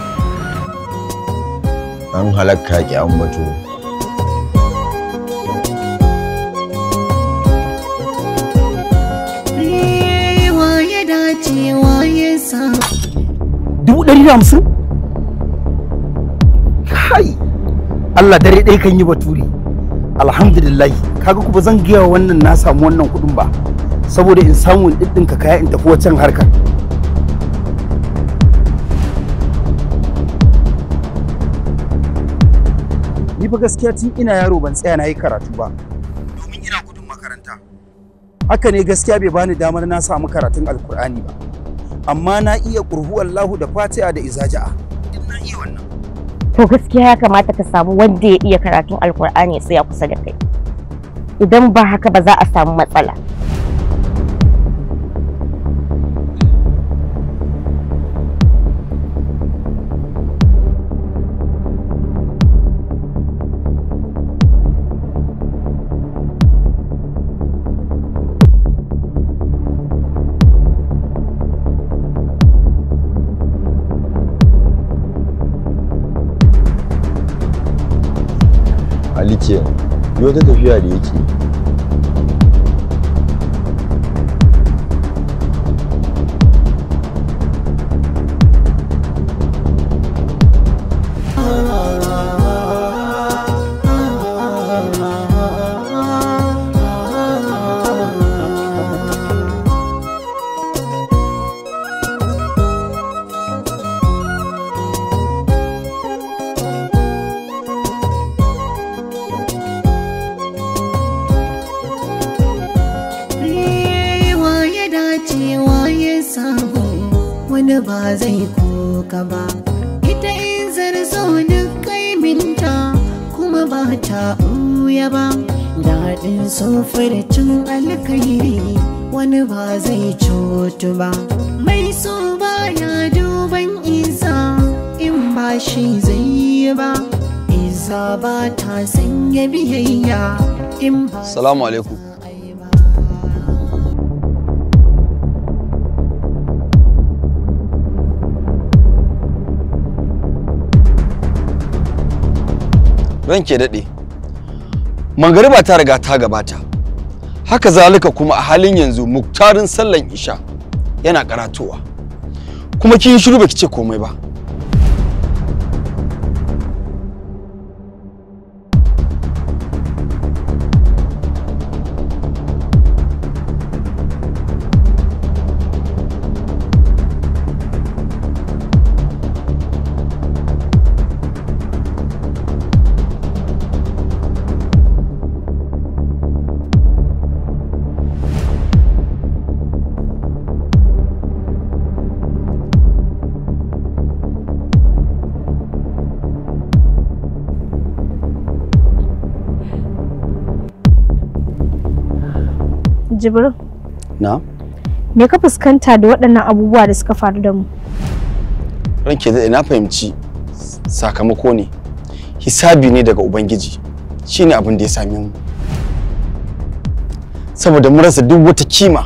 ɗan halakka ki an batu Dubu ɗari da hamsin? Kai! Allah dare ɗaya kan yi baturi alhamdulillah kaga kuma zan gaya wannan na samu wannan kuɗin ba saboda in samu in ka kaya in tafi wancan harkar ni fa gaskiya tun ina yaro ban tsaya na yi karatu ba domin ina gudun makaranta haka ne gaskiya bai bani damar na samu karatun alkur'ani ba amma na iya ƙurhu Allahu da fatiha da izaja'a duk na iya wannan to gaskiya ya kamata ka samu wanda ya iya karatun alkur'ani ya tsaya kusa da kai idan ba haka ba za a samu matsala maliki yau ta tafiya da yake Assalamu alaikum. daɗe, mangariba ta riga ta gabata, haka zalika kuma a halin yanzu muktarin sallan isha yana karatowa, kuma kin shiru baki ce komai ba. Jibrin. Na? Me ka fuskanta da waɗannan abubuwa da suka faru da mu? Ranke zai na fahimci sakamako ne. Hisabi ne daga Ubangiji. shi ne abin da ya same mu. Saboda mun rasa duk wata kima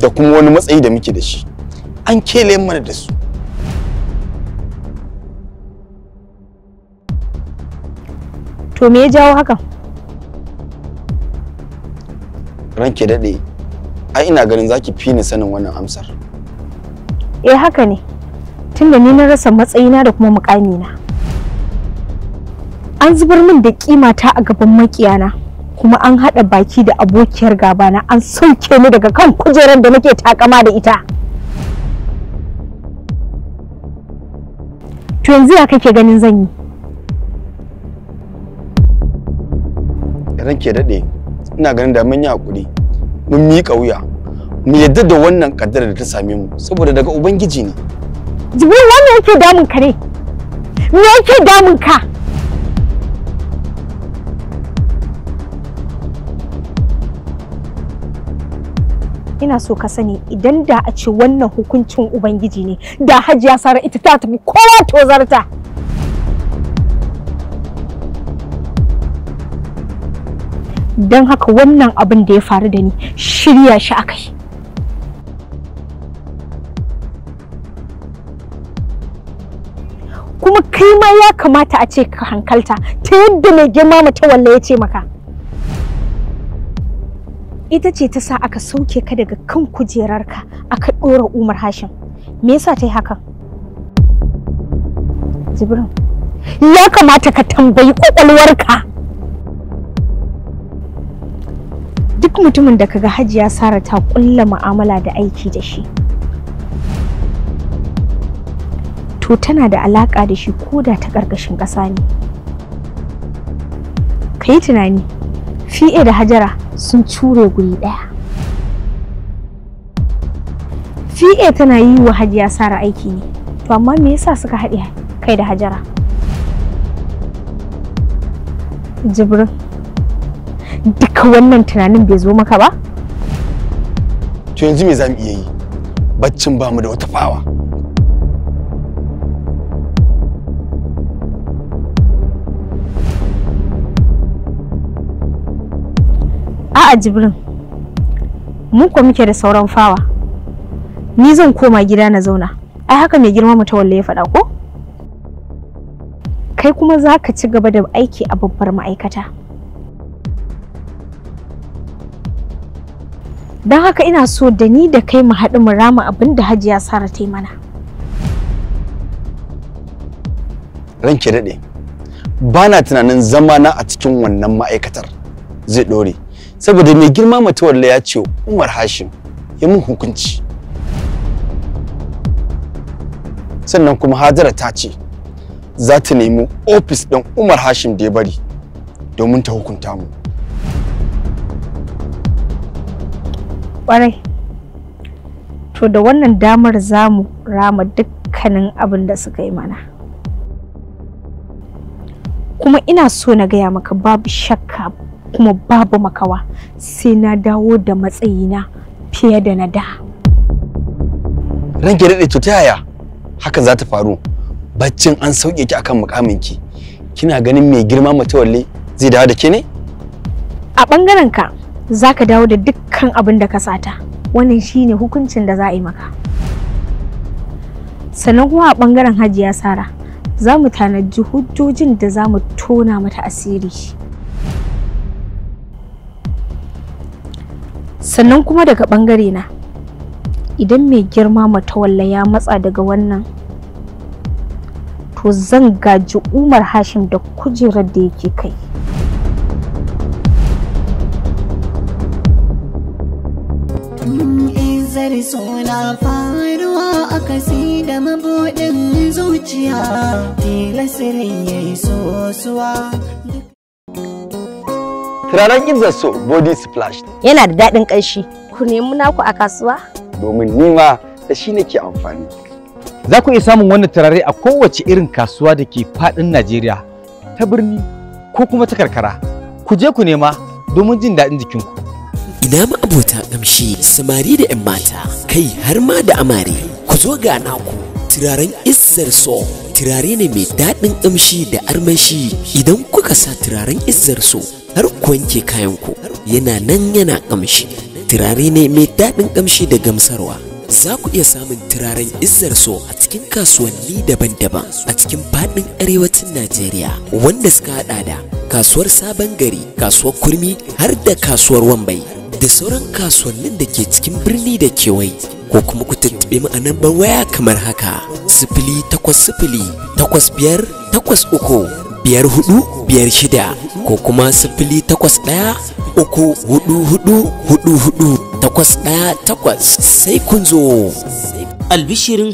da kuma wani matsayi da muke da shi. An kele mana da su. To me ya jawo hakan? ranke daɗe ai ina ganin zaki fi ni sanin wannan amsar eh haka ne tunda ni na rasa matsayina da kuma mukamina an zubar min da kimata a gaban makiyana kuma an haɗa baki da abokiyar gabana an sauke ni daga kan kujerar da nake takama da ita to yanzu ya kake ganin zan yi ranke daɗe ina ganin da mun yi hakuri mun mika wuya mu yadda da wannan kaddara da ta same mu saboda daga ubangiji ne jibril wani yake damun ka ne me yake damun ka ina so ka sani idan da a ce wannan hukuncin ubangiji ne da hajiya sara ita ta tafi kowa tozarta don haka wannan abin da ya faru da ni shirya shi akai kuma kai ma ya kamata a ce ka hankalta ta yadda mai girma mata walla ya ce maka ita ce ta sa aka sauke ka daga kan kujerarka aka ɗora umar hashin me yasa ta yi hakan jibrin ya kamata ka tambayi ƙwaƙwalwarka. duk mutumin da kaga hajiya sara ta kulla mu'amala da aiki da shi to tana da alaƙa da shi ko da ta ƙarƙashin ƙasa ne ka yi tunani fiye da hajara sun cure guri ɗaya fiye tana yi wa hajiya sara aiki ne to amma me yasa suka haɗe kai da hajara jibrin duka wannan tunanin bai zo maka ba to yanzu me za mu iya yi baccin ba mu da wata fawa a'a jibrin mun kuwa muke da sauran fawa ni zan koma gida na zauna ai haka mai girma mu ta walle ya faɗa ko kai kuma za ka ci gaba da aiki a babbar ma'aikata don haka ina so da ni da kai mu haɗu mu rama abin da hajiya sara ta yi mana ranki daɗe ba na tunanin zamana a cikin wannan ma'aikatar zai ɗore saboda mai girma mutuwar ya ce umar hashim ya mun hukunci sannan kuma hajara ta ce za ta nemi ofis ɗin umar hashim da ya bari domin ta hukunta mu Ƙwarai. To da wannan damar za mu rama dukkanin abin da suka yi mana. Kuma ina so na gaya maka babu shakka kuma babu makawa sai na dawo da matsayina fiye da na da. Ranke daɗe to ta yaya haka za ta faru baccin an sauke ki akan ki, kina ganin mai girma matawalle zai dawo da ke ne? A ɓangaren ka za ka dawo da dukkan abin da ka sata wannan shine hukuncin da za a yi maka sannan kuma a ɓangaren hajiya sara za mu tanaji hujjojin da za mu tona mata asiri sannan kuma daga ɓangare na idan mai girma matawalla ya matsa daga wannan to zan gaji umar hashim da kujerar da yake kai suna faruwa a kasi da mabuɗin zuciya tilasirin ya yi sosuwa turaren ibzar so body splash yana da daɗin ƙanshi ku nemi naku a kasuwa domin nima da shi nake amfani za ku iya samun wannan turare a kowace irin kasuwa da ke faɗin najeriya ta birni ko kuma ta karkara ku je ku nema domin jin daɗin jikinku ina ma abota kamshi samari da 'yan mata kai har ma da amare ku zo ga naku turaren izzar so turare ne mai daɗin kamshi da armashi idan kuka sa turaren izzar so har ku wanke kayanku yana nan yana kamshi turare ne mai daɗin kamshi da gamsarwa za ku iya samun turaren izzar so a cikin kasuwanni daban-daban a cikin faɗin arewacin najeriya wanda suka haɗa da kasuwar sabon gari kasuwar kurmi har da kasuwar wambai da sauran kasuwannin da ke cikin birni da wai, ko kuma ku tuntuɓe mu a nambar waya kamar haka sifili takwas sifili takwas biyar takwas uku biyar hudu biyar shida ko kuma sifili takwas ɗaya uku hudu hudu hudu hudu takwas ɗaya takwas sai kun zo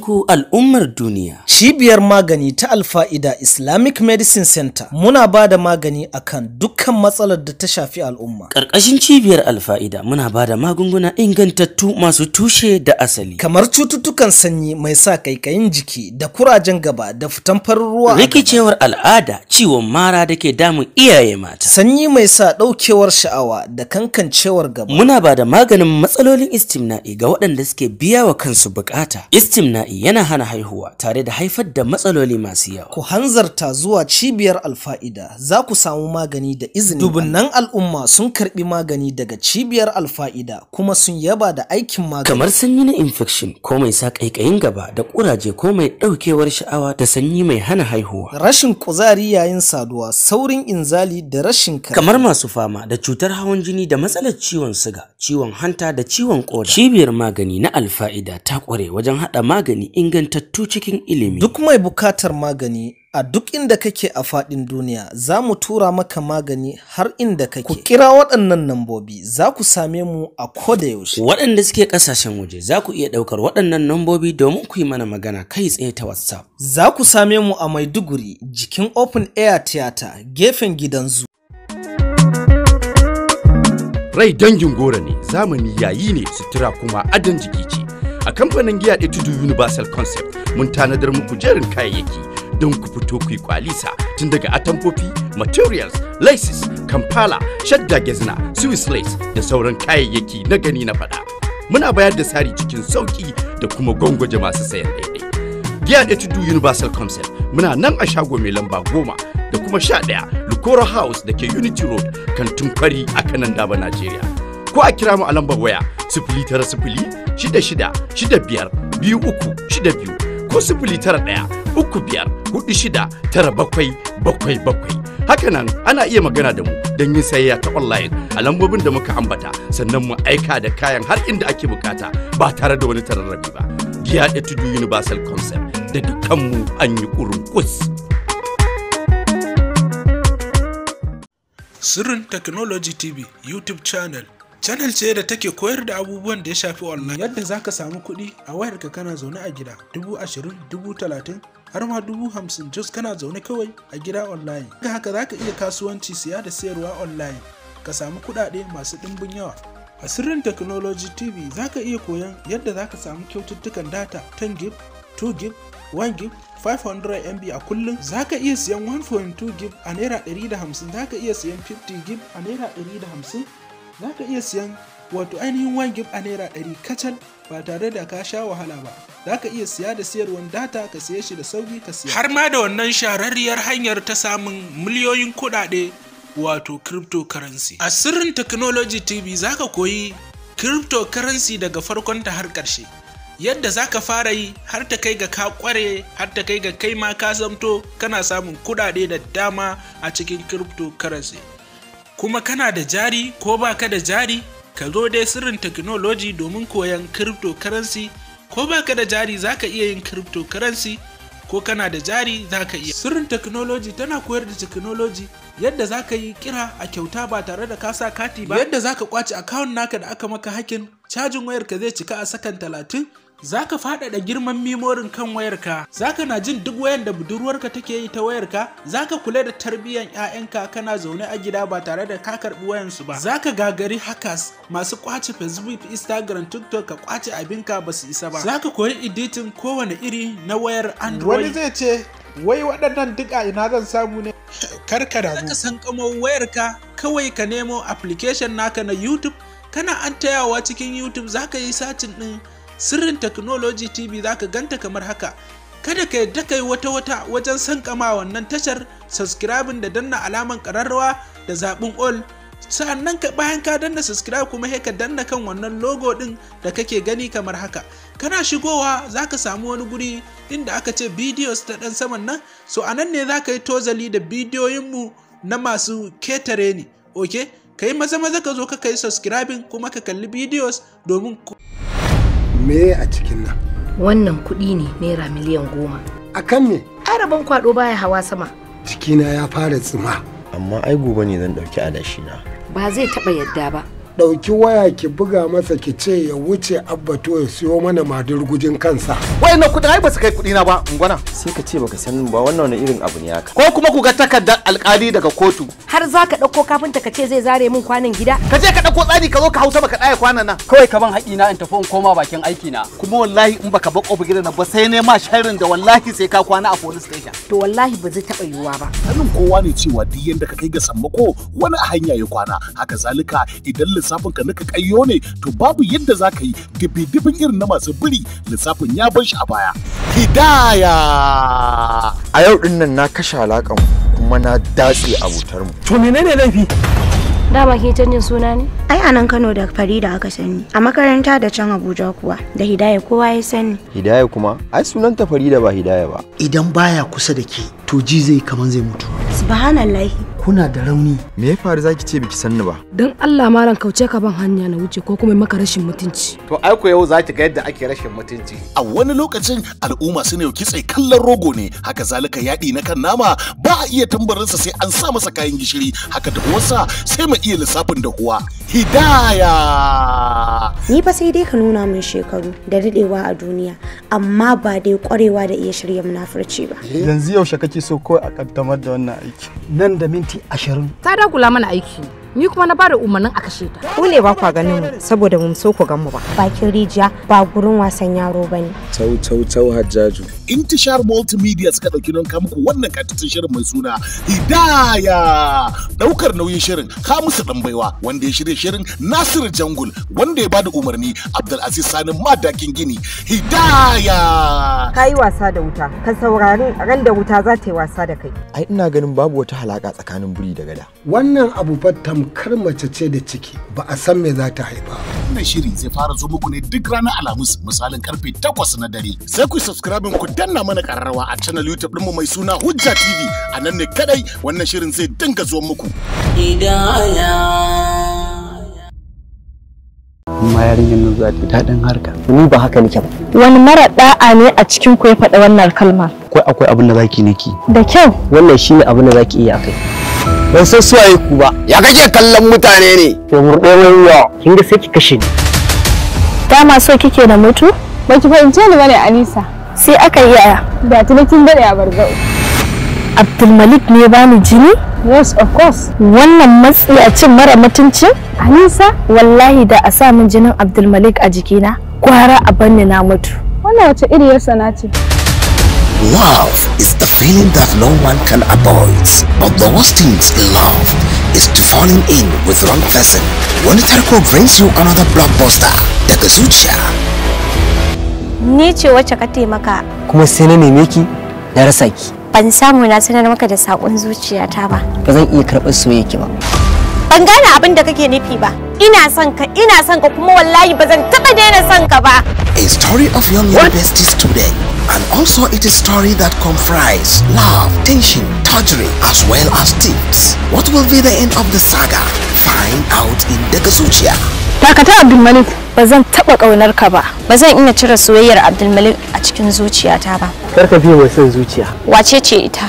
ku al'ummar duniya. Cibiyar magani ta Alfa'ida Islamic Medicine Center muna ba da magani akan dukkan matsalar da ta shafi al'umma. Ƙarƙashin cibiyar Alfa'ida muna ba da magunguna ingantattu masu tushe da asali. Kamar cututtukan sanyi mai sa kaikayin jiki da kurajen gaba da fitan farin ruwa. Rikicewar al'ada ciwon mara da ke damun iyaye mata. Sanyi mai sa ɗaukewar sha'awa da kankancewar gaba. Muna ba da maganin matsalolin istimna'i ga waɗanda suke biya wa kansu buƙata. mata. Istimna'i yana hana haihuwa tare da haifar da matsaloli masu yawa. Ku hanzarta zuwa cibiyar alfa'ida za ku samu magani da izinin. Dubunnan al'umma sun karɓi magani daga cibiyar alfa'ida kuma sun yaba da aikin magani. Kamar sanyi na infection ko mai sa ƙaiƙayin gaba da ƙuraje ko mai ɗaukewar sha'awa da sanyi mai hana haihuwa. Rashin kuzari yayin saduwa, saurin inzali da rashin kare. Kamar masu fama da cutar hawan jini da matsalar ciwon siga, ciwon hanta da ciwon ƙoda. Cibiyar magani na alfa'ida ta ƙware wajen wajen haɗa magani ingantattu cikin ilimi. Duk mai bukatar magani a duk inda kake a faɗin duniya za mu tura maka magani har inda kake. Ku kira waɗannan nambobi za ku same mu a koda yaushe. Waɗanda suke ƙasashen waje za ku iya ɗaukar waɗannan nambobi domin ku yi mana magana kai tsaye ta WhatsApp. Za ku same mu a Maiduguri jikin Open Air Theater gefen gidan zu. Rai dangin gora ne zamani yayi ne sutura kuma adon jiki ce. a kamfanin giya Etudu Universal Concept mun tanadar muku jerin kayayyaki don ku fito ku yi kwalisa tun daga atamfofi, materials, laces, kampala, shadda gezna, swiss lace da sauran kayayyaki na gani na fada. Muna bayar da sari cikin sauki da kuma gwangwaje masu sayan daidai. Giya Etudu Universal Concept muna nan a shago mai lamba goma da kuma sha ɗaya Lukoro House da ke Unity Road kan tunkwari a kanan daba Najeriya. ko a kira mu a lambar waya sifili tara sifili shida shida shida biyar biyu uku shida biyu ko sifili tara ɗaya uku biyar hudu shida tara bakwai bakwai bakwai hakanan ana iya magana da mu don yin sayayya ta online a lambobin da muka ambata sannan mu aika da kayan har inda ake bukata ba tare da wani tararrabi ba da tudu universal concept da dukkanmu an yi kus. sirrin technology tv youtube channel Channel ce da take koyar da abubuwan da ya shafi online yadda za ka samu kuɗi a wayarka kana zaune a gida dubu ashirin dubu talatin har ma dubu hamsin jos kana zaune kawai a gida online. daga haka za ka iya kasuwanci siya da sayarwa online ka samu kuɗaɗe masu ɗimbin yawa. A sirrin Technology TV za ka iya koyan yadda za ka samu kyaututtukan data 10 gig, 2 gig, 1 gig, 500 MB a kullum za ka iya siyan 1.2 gb a naira 150 za ka iya siyan 50 gig a naira 150 za ka iya siyan wato ainihin wan gig a naira ɗari kacal ba tare da ka sha wahala ba za ka iya siya da siyarwan data ka siya shi da sauki ka siya har ma da wannan shararriyar hanyar ta samun miliyoyin kuɗaɗe wato cryptocurrency a sirrin technology tv za ka koyi cryptocurrency daga farkon ta har ƙarshe yadda za ka fara yi har ta kai ga ka kware har ta kai ga kai ma ka zamto kana samun kuɗaɗe da dama a cikin cryptocurrency kuma kana da jari ko baka da jari ka zo dai sirrin teknoloji domin koyan cryptocurrency ko baka da jari za ka iya yin cryptocurrency ko kana da jari za ka iya sirrin teknoloji tana koyar da technology yadda za ka yi kira a kyauta ba tare da kasa kati ba yadda za ka kwace account naka da aka maka hakin cajin wayar ka zai cika a sakan talatin zaka ka faɗaɗa girman memorin kan wayarka za ka na jin duk wayan da budurwarka take yi ta wayarka za ka kula da tarbiyyan 'ya'yanka kana zaune a gida ba tare da ka karɓi wayansu ba zaka gagari hackers masu kwace facebook instagram tiktok ka kwace abinka ba su isa ba za ka koyi editing kowane iri na wayar android wani zai ce wai waɗannan duka ina zan samu ne [LAUGHS] karka da ka san kamo wayarka kawai ka nemo application naka na youtube kana an tayawa cikin youtube zaka yi searching ɗin sirrin technology tv za ka ganta kamar haka kada ka yadda kai wata-wata wajen kama wannan tashar subscribe da danna alaman kararrawa da zaɓin all sannan ka bayan ka danna subscribe kuma sai ka danna kan wannan logo din da kake gani kamar haka kana shigowa za ka samu wani guri inda aka ce videos ta dan saman nan so anan ne za ka yi tozali da bidiyoyinmu na masu ketare ne ok ka yi maza maza ka zo ka kai subscribing kuma ka kalli videos domin me a cikin nan wannan kuɗi ne naira miliyan goma a kan me araban kwado baya hawa sama Jikina ya fara tsima amma ai gobe ne zan ɗauki adashina. ba zai taɓa yadda ba ɗauki waya ki buga masa ki ce ya wuce abbatu ya siyo mana madirgujin kansa wai na kuɗi ai ba su kai kuɗi na ba ngwana. sai ka ce baka san ba wannan wani irin abu ne haka ko kuma ku ga takardar alƙali daga kotu har za ka ɗauko kafinta ka ce zai zare min kwanan gida ka je ka ɗauko tsari ka zo ka hausa baka ɗaya kwanan nan kawai ka ban haƙi na in tafi in koma bakin aiki na kuma wallahi in baka ba ƙofar gidan ba sai ne ma sharrin da wallahi sai ka kwana a police station to wallahi ba zai taɓa yiwuwa ba sanin kowa ne cewa duk yanda ka kai ga sammako wani a hanya ya kwana haka zalika idan lissafin ka naka kayyo ne to babu yadda za ka yi dibidibin irin na masu biri lissafin ya bar shi a baya hidaya a yau din nan na kashe alakan kuma na datse wutar mu to menene laifi da ba ke canjin suna ne ai anan kano da farida aka sani a makaranta da can abuja kuwa da hidaya kowa ya sani hidaya kuma ai sunanta farida ba hidaya ba idan baya kusa da ke to ji zai kaman zai mutu subhanallahi kuna da rauni me ya faru zaki ce biki sanni ba dan Allah malam kauce ka ban hanya na wuce ko kuma maka rashin mutunci to ai ko yau zaki ga yadda ake rashin mutunci a wani lokacin al'umma su yau kitse kallon rogo ne haka zalika yadi na kan nama ba a iya tambarin sa sai an sa masa kayan gishiri haka da wasa sai mu iya lissafin da kuwa hidaya ni fa sai dai ka nuna min shekaru da dadewa a duniya amma ba dai kwarewa da iya shirya munafurci ba yanzu yaushe kake so ko a kaddamar da wannan aiki nan da minti minti ashirin. Ta dakula mana aiki. ni kuma na bada umarnin a kashe ta ku ne ba kwa ganin mu saboda mu so ku gan mu ba bakin rijiya ba gurin wasan yaro bane tau tau tau hajjaju intishar multimedia suka dauki nan kamu wannan katatin shirin mai suna hidaya daukar nauyin shirin kamusa dambaiwa wanda ya shirya shirin nasir jangul wanda ya bada umarni abdulaziz sani madakin gini hidaya ka yi wasa da wuta ka saurari ran da wuta za ta yi wasa da kai ai ina ganin babu wata halaka tsakanin buri da gada wannan abu fatta tamkar mace ce da ciki ba a san me za ta haifa. Wannan shiri zai fara zo muku ne duk ranar Alhamis misalin karfe 8 na dare. Sai ku subscribe ku danna mana kararrawa a channel YouTube ɗinmu mai suna Hujja TV. A nan ne kadai wannan shirin zai dinga zo muku. Kuma yarinyar nan za ta daɗin harka. Ni ba haka nake ba. Wani mara da'a ne a cikin ku ya faɗa wannan kalmar. Akwai akwai abin da za ki niki. Da kyau. Wannan shi ne abin da ki iya kai. ban san su waye ku ba ya kake kallon mutane ne ke murɗe mai kin ga sai ki kashe ni ma so kike da mutu ba ki fahimce ni bane Anisa sai aka yi aya da tunakin kin dare a bargau Abdulmalik ne ba bani jini yes of course wannan matsi a cin mara mutunci Anisa wallahi da a sa min jinin Abdulmalik a jikina kwara a banni na mutu wannan wace iriyar sana ce Love is the feeling that no one can avoid. But the worst thing in love is to falling in with wrong person. Wani tarko brings you another blockbuster daga zuciya. Ni ce wacce ka taimaka. Kuma sai na neme ki na rasa ki. Ban samu na sanar maka da sakon zuciyata ba. Ba zan iya karɓar soyayya ki ba. Ban gane abin da kake nufi ba. Ina son ka, ina son ka kuma wallahi ba zan taɓa daina son ka ba. A story of young university student And also it is story that comprise love, tension, torture, as well as tips. What will be the end of the saga? Find out in Degazuchia. Dakata Abdulmalik, ba zan taɓa ƙaunar ka ba. bazan iya cire soyayyar Abdulmalik a cikin zuciyata ba. ka biye mai son zuciya. Wace ce ita?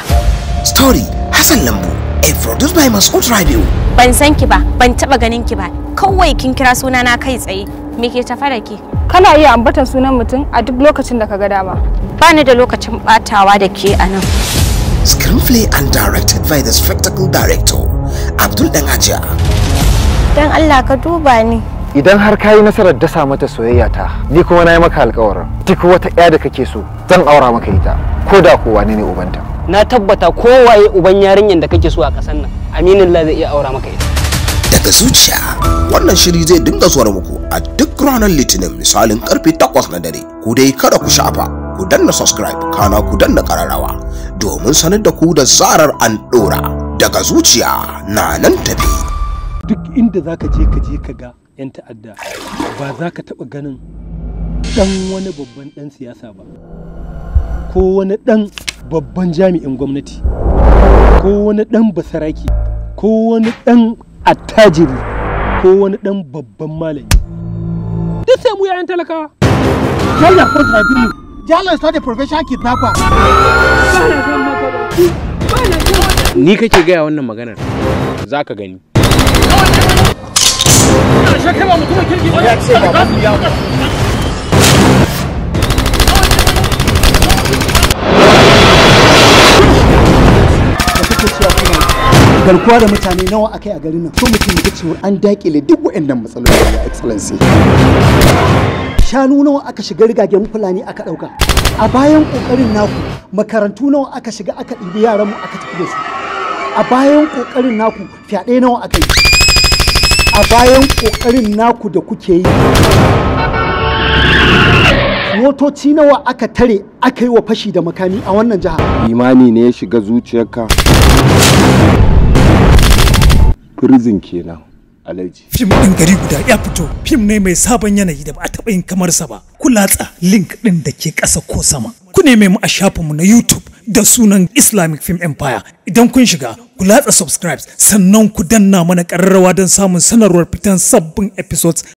Story Hassan Lambu, a produced by Masud Radio. Ban san ki ba, ban taɓa ganin ki ba. Kawai kin kira sunana kai tsaye. Me ke tafa da ke? kana iya ambatan sunan mutum a duk lokacin da ka ga dama ba da lokacin batawa da ke a nan screenplay and directed by the spectacle director abdul dan ajiya dan allah ka duba ni idan har ka yi nasarar dasa mata soyayya ta ni kuma na yi maka alkawarin duk wata ɗaya da kake so zan aura maka ita ko da ko wane ne ubanta na tabbata kowaye uban yarinyar da kake so a ƙasar nan aminin la zai iya aura maka ita daga zuciya wannan shiri zai dinga zuwa muku a duk ranar litinin misalin karfe 8 na dare ku dai kada ku shafa ku danna subscribe kana ku danna kararrawa domin sanar da ku da zarar an dora daga zuciya na nan tafi duk inda zaka je ka je ka ga 'yan ta'adda ba za ka taɓa ganin ɗan wani babban ɗan siyasa ba ko wani ɗan babban jami'in gwamnati ko wani ɗan basaraki ko wani ɗan attajiri ko wani ɗan babban malami duk sai mu yayan talakawa jalla ko jabiru jalla sai da professional kidnapper ni kake gaya wannan maganar za ka gani ya ce ba ya garkuwa da mutane nawa a kai a garin nan so mutum ya cewa an dakile duk waɗannan matsaloli ya excellency shanu nawa aka shiga rigagen fulani aka ɗauka a bayan ƙoƙarin naku makarantu nawa aka shiga aka ɗibi yaran mu aka tafi da su a bayan ƙoƙarin naku fyaɗe nawa aka yi a bayan ƙoƙarin naku da kuke yi motoci nawa aka tare aka yi wa fashi da makami a wannan jiha imani ne ya shiga zuciyarka prison kenan alaji fim din gari guda ya fito fim ne mai sabon yanayi da ba a taɓa yin kamar sa ba ku latsa link din da ke ƙasa ko sama ku neme mu a shafin mu na youtube da sunan islamic film empire idan kun shiga ku latsa subscribes sannan ku danna mana ƙararrawa don samun sanarwar fitan sabbin episodes